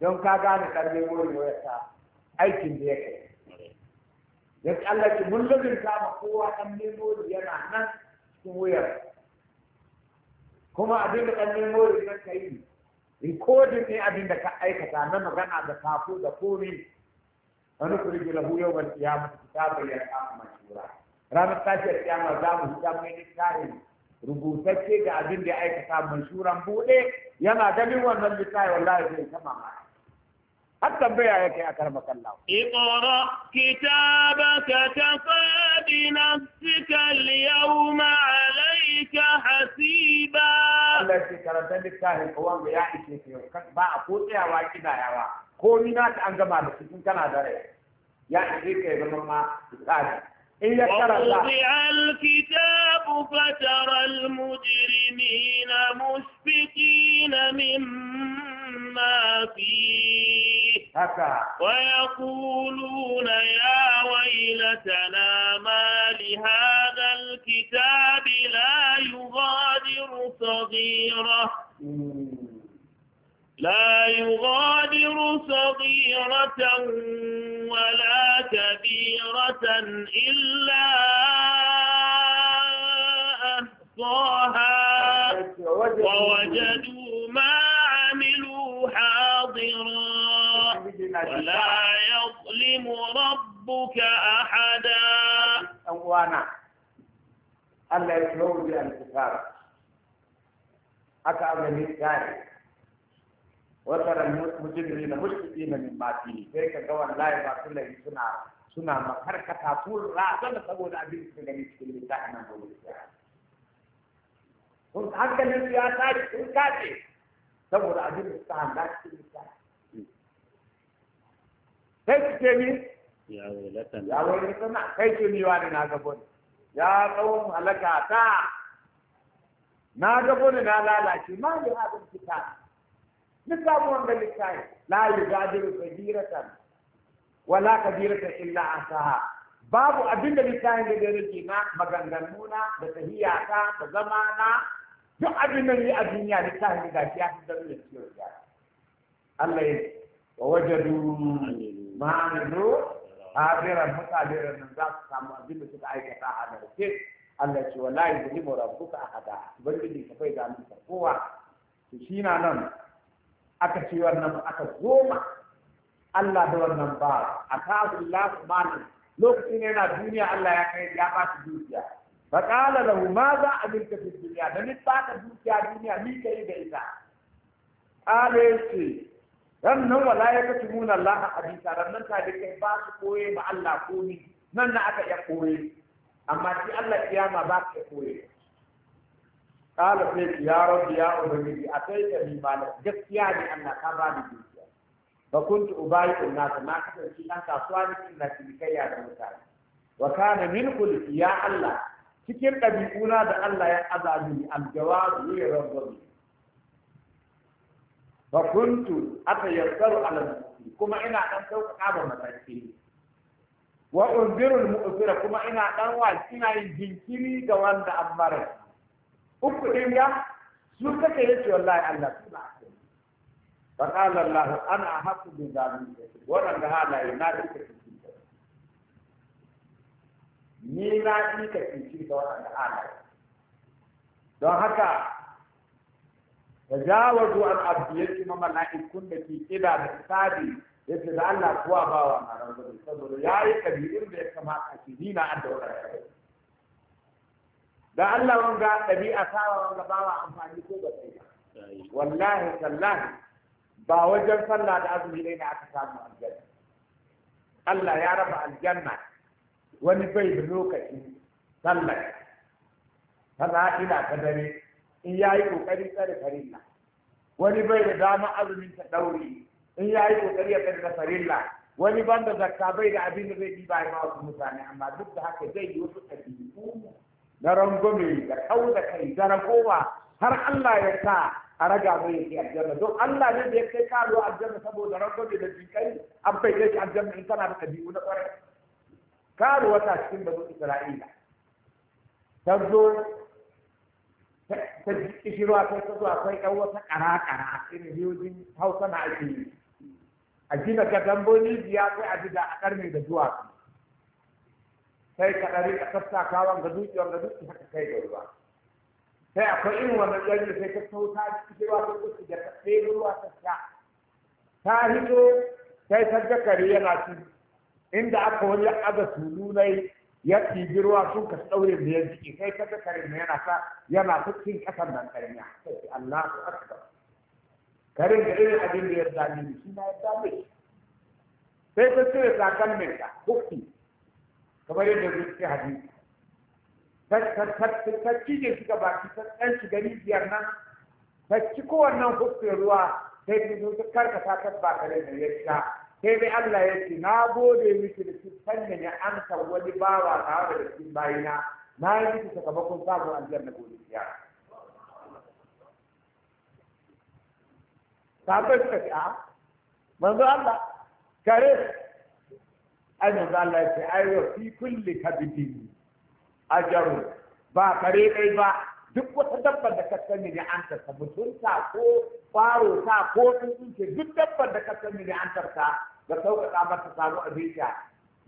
don ka gane karbe wani wayarta aikin da ya kai ya tsallaki mun lubin kama kowa ɗan memori yana nan cikin wuyar. kuma abin da ɗan memori nan ka yi rikodin ne abin da ka aikata na magana da kafo da komi wani kurji lahu yau ban kiyama kitabun ya kama mashura ranar tashiyar kiyama za mu hita mai tare rubutacce ga abin da ya aikata mashuran buɗe yana ganin wannan littafin wallahi zai ta mamaki har tambaya ya kai a karba kallahu iqra kitabaka kafa bi nafsika al-yawma alayka hasiba Allah ya karanta littafin ko wanda ya ishe ka ba a ko tsayawa kidayawa ko ni na ta an gama da cikin kana da rai ya ishe ka zama ma tsari إن ووضع الكتاب فترى المجرمين مشفقين مما ما فيه ويقولون يا ويلتنا ما لهذا الكتاب لا يغادر صغيرة لا يغادر صغيرة ولا كبيرة إلا أحصاها ووجدوا haka abu ne tsari wata mujibiri na mushiki na mimbati sai ka ga wallahi ba suna suna makarkata sun rasa saboda abin su gani cikin lita nan gobe da kun hankalin su ya tashi sun kace saboda abin su ta hanga cikin sai su ce ni ya wailatana kai ce ni wani na gabo ne ya tsawon halaka ta na gabo ne na lalace ma yi hadin fita. ni samu wanda littafi la yugadiru kabiratan wala kabiratan illa asaha babu abin da littafin da zai rage na maganganuna da tahiyata da zamana duk abin da yi a duniya littafin da ya fi zaruriyar ciwon Allah ya wajadu ma'amilu abiran mutaliran nan za su samu abin da suka aikata a ke. Allah ce wala yuzlimu rabbuka ahada ubangiji ka bai da ka kowa to shi na nan aka ce wannan aka goma Allah da wannan ba a kafin lafi mani lokacin yana duniya Allah ya kai ya ba su dukiya fa qala da ma za a milka fi duniya. da ni ba ka dukiya duniya ni yi da ita nan wala ya kaci muna Allah hadisa nan ta da kai ba su koye ma Allah ko ni nan na aka iya koye amma shi Allah kiyama ba ka koye kala sai ya rabbi ya ubangiji a kai da ni mala gaskiya ne Allah ka ba ni gaskiya ba ubai ko na ta na shi dan kasuwa ne ina ya da mutane wa kana min kul ya Allah cikin na da Allah ya azabi aljawab ya rabbi fa kuntu atayassaru ala kuma ina dan sauka ba mataki wa unziru al mu'sira kuma ina dan wa ina yin jinkiri ga wanda an uku din ga su kake yace wallahi Allah su ba fa qala Allah ana haqqu bi dhalika wannan da halaye na da kake ni na ni kake cikin wannan halaye don haka da jawazu an abdi yake ma mala'ikun da ke kida da tsari yace da Allah kuwa ba wa na rabu saboda yayi kabirin da ya kamata ki dina adda wannan da Allah wanga dabi'a sawa wanga ba wa amfani ko ba sai wallahi sallahi ba wajen sallah da azumi ne aka samu aljanna Allah ya raba aljanna wani bai da lokaci sallah ta ila ta dare in ya yi ƙoƙari tsare farilla wani bai da dama azumin ta ɗauri in ya yi ƙoƙari ya tsare da farilla wani ban da zakka bai da abin da zai ba ya wasu mutane amma duk da haka zai yi wasu ɗabi'u na rangwame da kau da kai da ragowa har Allah ya sa a raga mai yake aljanna don Allah ne da ya kai karo aljanna saboda rangwame da jinkai an bai kai aljanna in kana da ɗabi'u na ƙwarai karo wata cikin bazo Isra'ila ta zo ta kishirwa sai ta zuwa sai ɗan wata ƙara-ƙara cikin hiyojin hausa na ake yi a gina gadon boni biya sai a jida a ƙarni da duwatsu sai ka ɗari a tattakawan ga dutse wanda dutse haka kai da ruwa sai akwai irin wannan yanzu sai ta sauta kishirwa ta kusa da ta ɗaya ruwa ta sha ta hito sai ta ga kare yana ci inda aka wani aza tulu na yi ya ɗibi ruwa sun ka tsaure da ya jiki kai ka karin da yana sa yana ta cin ƙasar nan karin ya sai Allah ku akbar karin da irin abin da ya dame ni shi ma ya dame sai ta cire mai ka hukki kamar yadda zai ce hadisi ta ne suka ga baki ta ɗan shiga rijiyar nan ta ci kowannen hukkin ruwa sai ta zo ta karkata ta ba karin da ya sha sai dai Allah ya ce na gode miki da cikin da ya amsa wani bawa ta haɗa da cikin bayina na yi miki sakamakon samun aljanna gobe kiyama sabai suka ce a manzo Allah kare ai manzo Allah ya ce ai wa fi kulli kabidin ajaru ba kare kai ba duk wata dabbar da ka sani ne an tarsa mutunta ko faro ta ko tsuntsunce duk dabbar da ka sani ne an tarsa da sauƙaƙa ta samu abinci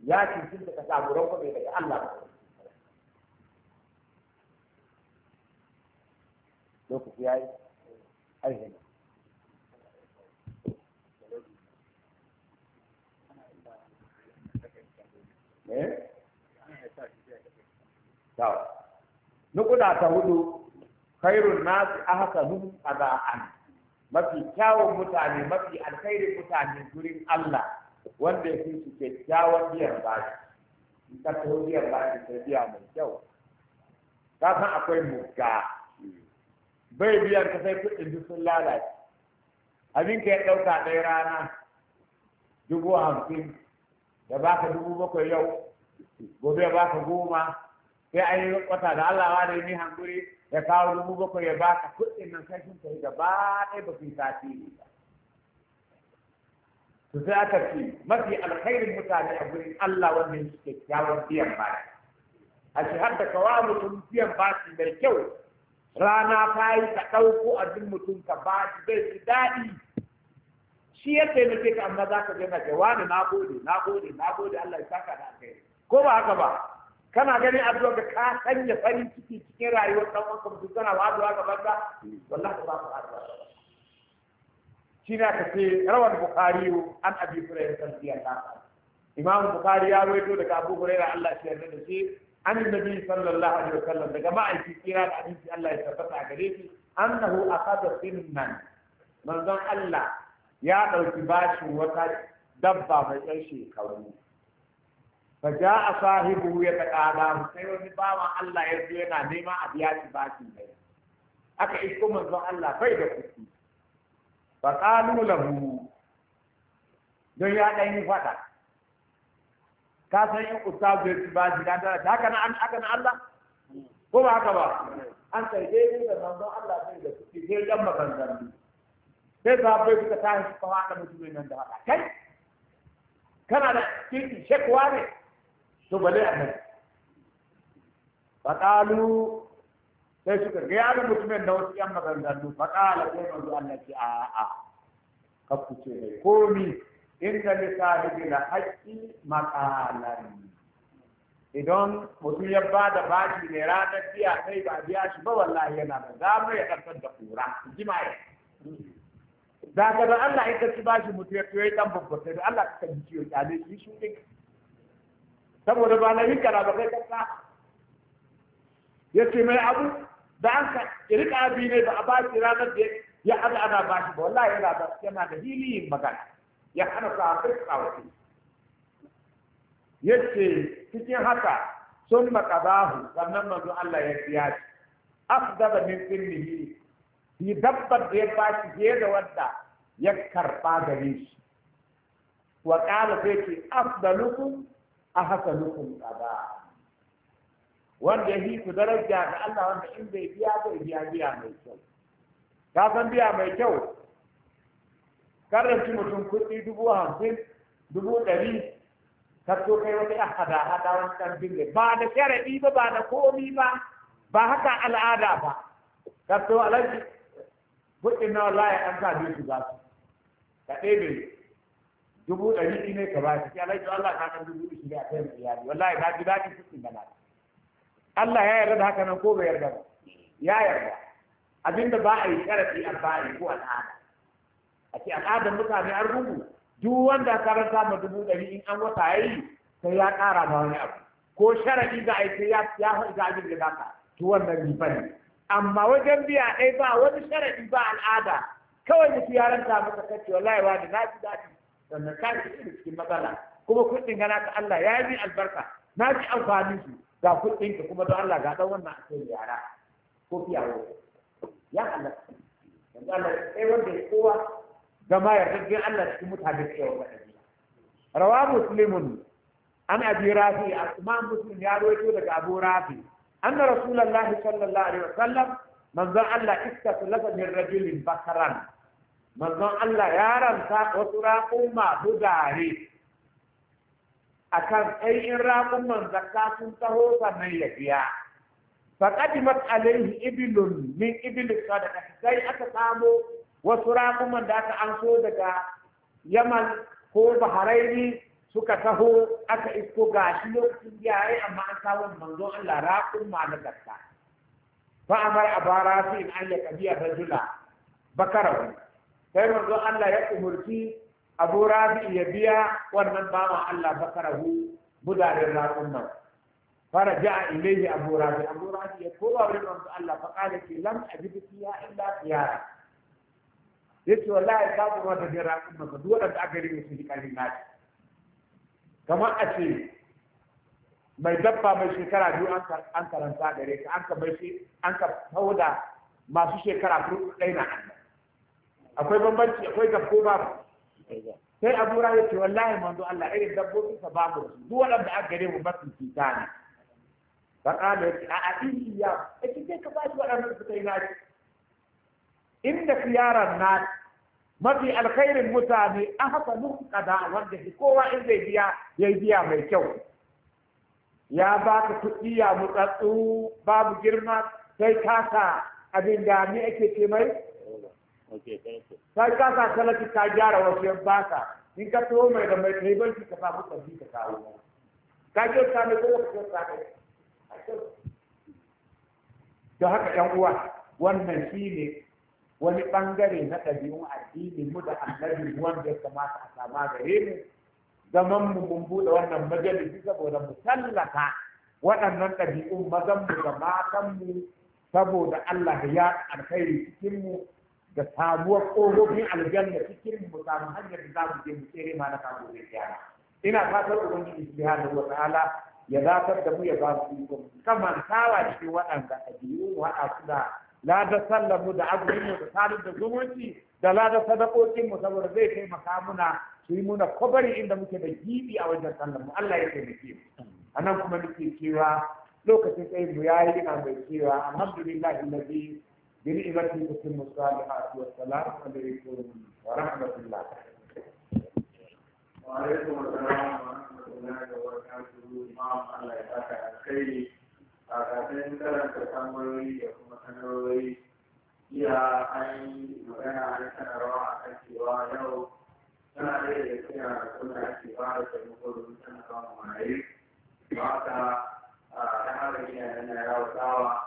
ya cincinta ka samu rankwabe daga Allah ba lokaci ya yi aihina Nukuda ta hudu, khairun nasi ahsanuhum ada'an. mafi kyawun mutane mafi alkhairin mutane gurin Allah wanda ya fi su kyakkyawan biyan bashi in ka taho biyan bashi sai biya mai kyau ka san akwai mugga bai biyan ka sai kuɗin duk sun lalace abin ka ya ɗauka ɗaya rana dubu hamsin da baka dubu bakwai yau gobe baka goma sai an yi kwata da Allah wa da yi hankuri ya kawo dubu bakwai ya baka kuɗin nan kashin kai gaba ɗaya ba fi sati ne ba Su sai aka ce mafi alkhairin mutane a gurin Allah wanda yake kyakkyawan biyan baya a shi har da kawo mutum biyan basu mai kyau rana ta yi ka ɗauko a duk mutum ka ba shi zai fi daɗi shi ya taimake ka amma za ka gana ga wani na gode na gode na gode Allah ya saka da alkhairi ko ba haka ba kana ganin abubuwan da ka sanya farin ciki cikin rayuwar ɗan uwanka mutum kana wa addu'a ga banza wallahi ba ka addu'a shi na ce rawar Bukhari an abi furayin sanadiyar ta imam Bukhari ya waito daga abu hurairah Allah shi yarda da shi an nabi sallallahu alaihi wasallam daga ma'aiki kira da abinci Allah ya tabbata a gare shi annahu akhadha sinnan manzon Allah ya dauki bashin wata dabba mai yan shekaru faja a sahibu ya taqala sai wani bawan Allah ya zo yana nema a biya shi baki ne aka isko manzon Allah bai da kuɗi fa qalu lahu don ya dan yi fada ka san in ustaz zai ci baki dan da haka na an haka na Allah ko ba haka ba an sai dai ne da manzon Allah bai da kuɗi sai dan makanzan sai ba bai suka tashi kawa da mutum nan da haka kai kana da shekwa ne to dai annabi faqalu sai suka ga yaron mutumin da wasu yan maganganu faqala sai manzo Allah ce a a kakku ce dai komi inda ni sahibi na haƙƙi maqalan idan mutum ya ba da bashi ne ranar biya sai ba biya shi ba wallahi yana da zamu ya karkar da kura jima'i da ga Allah in ka ci bashi mutum ya to yayi dan babbata da Allah ka ji ciwo kyale shi shi saboda ba na yinkara ba kai kasa ya ce mai abu da an ka rika abi ne ba a ba shi ranar da ya hada ana ba shi ba wallahi yana da yana da hiliyin magana ya hana sa a wuce. wasu ya ce cikin haka sun makabahu sannan manzo Allah ya biya shi afdaba min kullihi yi dabbar da ya ba shi je da wanda ya karba gare shi wa qala sai ce afdalukum ahsanukum qada wanda yi ku daraja ga Allah wanda in bai biya bai biya biya mai kyau ka san biya mai kyau karanci mutum kuɗi dubu hamsin dubu ɗari ka so kai wani a hada hada wani ɗan binne ba da sharaɗi ba ba da komi ba ba haka al'ada ba ka so alaji kuɗin na wallahi an sa biyu su za su ka ɗebe dubu ɗari ne ka ba shi alhaji Allah ka san dubu shi da kai mai iyali wallahi ba ji ji su da na Allah ya yarda da haka nan ko bai yarda ba ya yarda abinda ba a yi karafi a ba a yi ko al'ada a ce al'adar mutane an rubu duk wanda karanta ma dubu ɗari in an wata ya yi sai ya ƙara ma wani abu ko sharadi za a yi sai ya ya ga abin da zaka to wannan ba ne amma wajen biya ɗaya ba wani sharadi ba al'ada kawai mutu ya ranta maka kacce wallahi da na ji daɗi sannan ka ji irin cikin matsala kuma kuɗin gana ka Allah ya yi albarka na ji amfani su ga kuɗin ka kuma don Allah ga ɗan wannan ake yara ko fiyawo ya Allah yanzu Allah wanda ya kowa gama yardaddin Allah cikin mutane da yawa rawa muslimun an abi rafi a kuma muslim ya roƙo daga abu rafi an da rasulallah sallallahu alaihi wasallam manzon Allah istaslafa min rajulin bakaran manzon Allah ya ranta wasu raƙumma masu dare a kan ɗayin raƙon manzaka sun taho sannan ya biya Faƙaɗi alaihi ibilun min ibilis sadaka sai aka samo wasu raƙuman da aka anso daga yaman ko baharaini suka taho aka isko gashi lokacin yayi amma an samu manzon Allah raƙuma na gaska fa amar abara fi an yi kabiya rajula bakarawa sai manzo Allah ya umurci Abu Rafi ya biya wannan ma Allah bakarahu budarin rakun nan ja ilaihi Abu Rafi Abu Rafi ya kowa wurin manzo Allah fa kale ki lam ajidu fiha illa khiyara yace wallahi babu wata da rakun nan duk wanda aka rike da kalin na kamar a ce mai dabba mai shekara biyu an karanta gare ka an ka mai an ka masu shekara hudu ɗaya na akwai bambanci akwai gabko ba sai abu ya ce wallahi manzo Allah irin dabbobin sa babu duk wanda aka gare mu basu fita ne faƙala ya ce a aɗiyya ya ce ka ba shi waɗannan su kai inda yaran na mafi alkhairin mutane a haka nuka kada wanda shi kowa in zai biya ya biya mai kyau ya ba ka kuɗi ya mutsatsu babu girma sai kasa abin da ni ake ce mai ka kasa ki ka gyara wasu yan baka in ka tuwo mai da mai ki ka samu ji ka kawo ka ka mai ko ka kyauta mai da haka yan uwa wannan shi ne wani bangare na ɗabi'un addini mu da annabi wanda ya kamata a sama gare mu zaman mu mun buɗe wannan majalisi saboda mu tallata waɗannan ɗabi'un mazan mu da matan mu saboda Allah ya alkhairi cikin mu da sabuwar ƙofofin aljanna cikin mu samu hanyar da za mu je mu tsere ma na kawo zai gyara ina fatar ubangiji subhanahu wa ta'ala ya zafar da mu ya ba su iko Kamar tawa cikin waɗanda ɗabi'u waɗa su da lada sallamu da azumin mu da sadar da zumunci da lada sadakokin mu saboda zai taimaka muna su yi muna kwabari inda muke da gibi a wajen sallar mu Allah ya taimake mu anan kuma nake cewa lokacin tsayin mu yayi ina mai cewa alhamdulillah alladhi بنعمته تتم الصالحات والسلام عليكم ورحمة الله وعليكم السلام ورحمة الله وبركاته إمام الله يبارك على الخير أكثر كلام تسامري يكون سنروي يا أي مكان عن سنروا عن سوى يوم سنة يكون سنة سوى يكون سنة معي بعد أحد آه، إلى أن يرى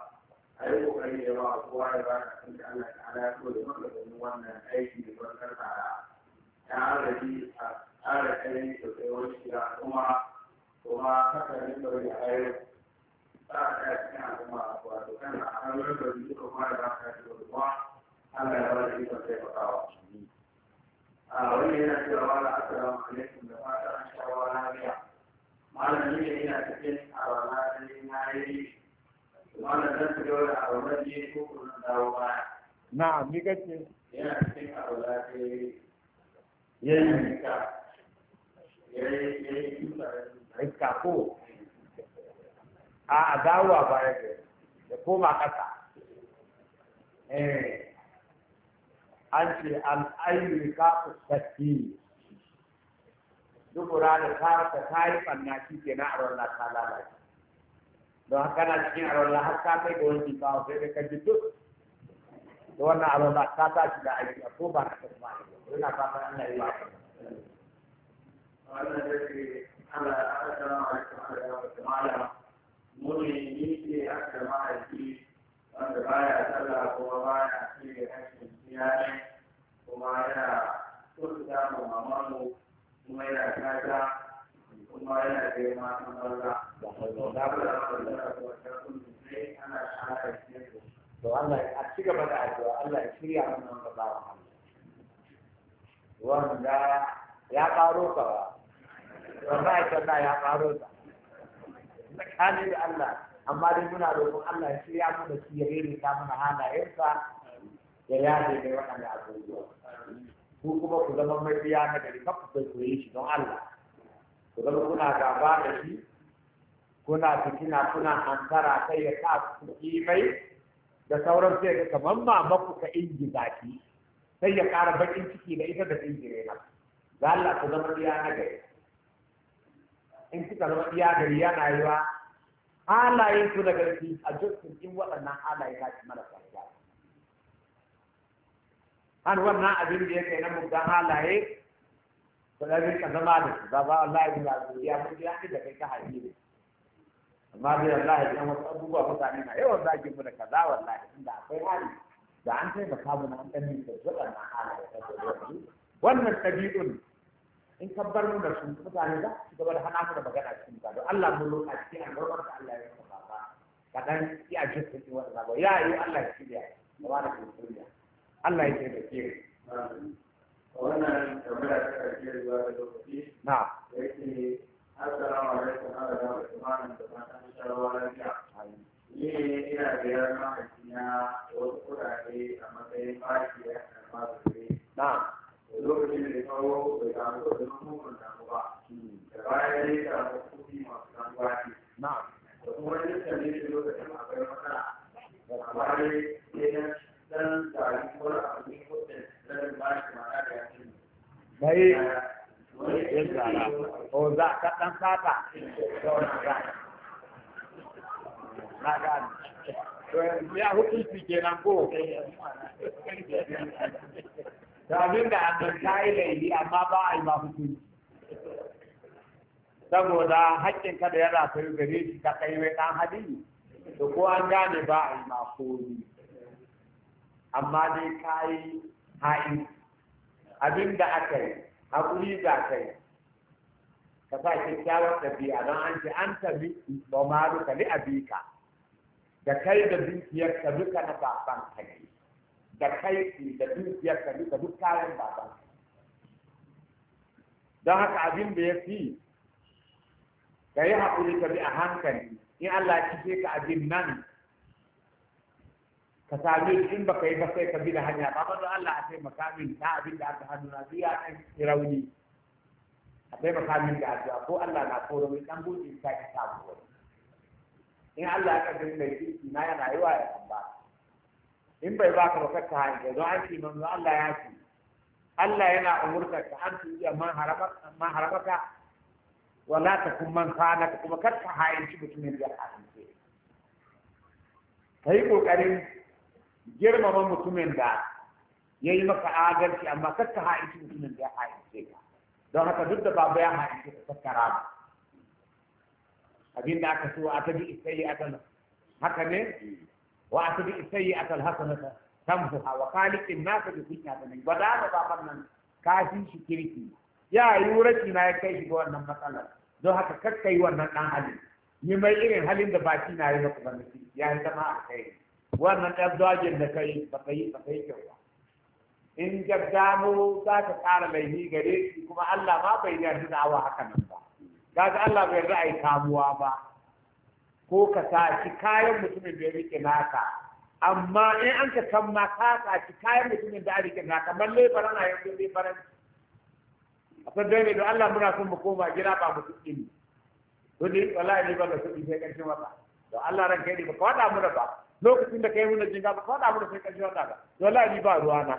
ai kokari ya ba kowa ya ba ka san Allah ta ala ko da maka domin wannan aiki da barkar ta ta arabi a ara kai da kai wani shiga kuma kuma haka ne da wani ayo ta ta cikin al'umma wato kana a kan rarrabe duka kuma da ba ka shiga kuma Allah ya ba da ikon taimakawa. a wani yana cewa wala assalamu alaikum da fatan an sha wa lafiya malami ne yana cikin a rana na yi Malam zan fi yau da ko kuma dawo baya. Na'am, ni gaske. Yana cikin abu yi. Yayi. Yayi, yayi, ko. A dawowa baya ga ya koma kasa, Eh. An ce al'ayyuka ka sakki. Duk ranar ta ta yi ɓanna shi ke na a ta lalace. don haka na cikin alwala har ka kai da wani kawo sai da ka ji duk da wannan alwala ka ta shi da aiki a ko ba ka ta kuma ina fatan Allah ya ba wannan da ke Allah ya aka ma alaikum Allah ya ba muni ni ce aka ma aiki wanda baya sallah kuma baya cire hancin iyali kuma yana kurta mu mamamu kuma yana kata kuma yana da da da to Allah a ci gaba da addu'a Allah ya shirya mana wanda ba wa wanda ya karo ka ba wallahi kana ya karo ka tsakani da Allah amma dai muna roƙon Allah ya shirya mana shi ya rere ta mana halayensa ya yaje da waɗanda abubuwa ku kuma ku zama mabiya na gari kafin ku yi shi don Allah ku zama kuna gaba da shi kuna fitina kuna hantara kai ya sa ku mai da sauran sai ga kamar ma maku ka inji zaki sai ya ƙara bakin ciki da ita da injire na za Allah ku zama iya na gari in kika zama iya gari yana yi wa halayen su da garki a justin in waɗannan halayen na shi marasa gyara an wannan abin da yake na muggan halaye ba na ka zama da su ba ba Allah ya nuna zuriya mun ji haka da kai ka haifi ne amma dai Allah ya san wasu abubuwa mutane na yawan zagin mu da kaza wallahi inda akwai hali da an taimaka mu na an ɗan yi zazzaɓa na halaye wannan ɗabi'un in ka bar mu da su mutane za su gaba da hana mu da magana cikin gado Allah mun a cikin albarkar da Allah ya saka ba kadan ya ji cikin wannan ya yi Allah ya shirya da wani kuriya Allah ya ke da ke. wannan tambaya ta karshe da lokaci na yake assalamu alaikum da usman da matan sharawa ni da yar mahaifina wasu kuɗaɗe a matsayin fashi ya hmm. da zai na da ba na da kuma da bai o za ka ya hukunci kenan ko da abin da an ta yi laifi amma ba a yi hukunci saboda haƙƙin kada yana sai gare shi ka kai mai ɗan to ko an gane ba a yi ma komi amma dai ka yi ha'in abin da aka yi haƙuri da ka yi ka sa kyakkyawar ɗabi'a don an ce an tabi ma duka li abika da kai da dukiyar ka duka na baban ka da kai da dukiyar ka duka duk kayan baban ka don haka abin da ya fi ka yi haƙuri ka bi a hankali in Allah ya cike ka abin nan فتعليل إن بقى يبقى كبيرة هنيا بابد الله أتي مكامل لا أبدا أنت هدونا دي أنا إراوني أتي مكامل ان أجوا أبو الله ان فورو من تنبوت إن كاي تابو إن ان أكبر من يجيب ان نايوا يا أبا إن بقى ان كبكت هاي جدو ان كي ممنوع الله ان الله ينا أمورك ان يجي ما هربك ان هربك ولا تكون ان خانك كبكت هاي إن ان ان ان ان ان ان ان ان ان ان شبك من يجيب كنايا نايوا يا أبا جرم ما متمن دا يي ما كاغل كي اما كتها اي تي متمن دا هاي سيكا دو هكا دد با بها هاي سيكا تكرا ابين دا كسو اتدي سي اتن هكا ني واتدي سي اتل حسنة تمحوها وخالق الناس بفتنة من بدا بابا من كاسي شكريتي يا يورتي ما يكيش بوانا مثلا دو هكا كتكي وانا نعالي يمي إرين هل إن دباتي ناري نقبا نسي يا هل تما أكيش wannan ɗan dogin da kai ba ka yi ba yi kyau ba in ka gano za ka ƙara laifi gare shi kuma Allah ma bai yarda da awa haka nan ba ga Allah bai yarda a yi kamuwa ba ko ka sa shi kayan mutumin da ya rike naka amma in an ka san ma ka sa shi kayan mutumin da ya rike naka barana ya a yanzu barana a san dai ne don Allah muna son mu koma gida ba mutum ne. to ne wallahi ne ba da kuɗi sai ƙarshen wata don Allah ran kai ne ba ka wada mu da ba lokacin da kai muna jinga ba faɗa mana sai kashi wata ba wallahi ba ruwa na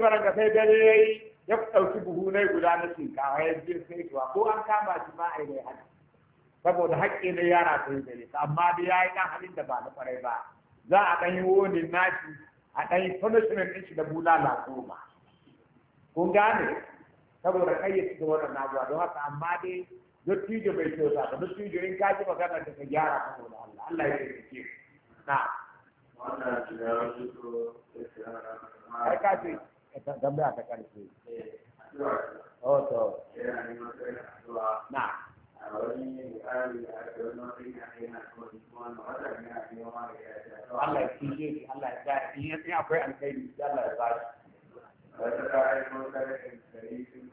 baran ka sai dare yayi ya ɗauki buhu na guda na shinkawa ya je sai to ko an kama shi ba a yi haka saboda haƙƙi ne yara sai dare amma dai yayi dan halin da ba na farai ba za a dan yi wani nashi a dan yi punishment din shi da bulala goma kun gane saboda kai ya ci gaba da naguwa don haka amma dai dottijo bai kyauta ba dottijo in ka ji magana da ka gyara saboda Allah Allah ya ke na Kakati, tambah kakati. Oh, so. Nah. Allah ya kije shi, Allah ya ga in ya tsaya akwai alkhairi, Allah ya ba shi. Wata ta yi motar inkari sun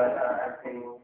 kana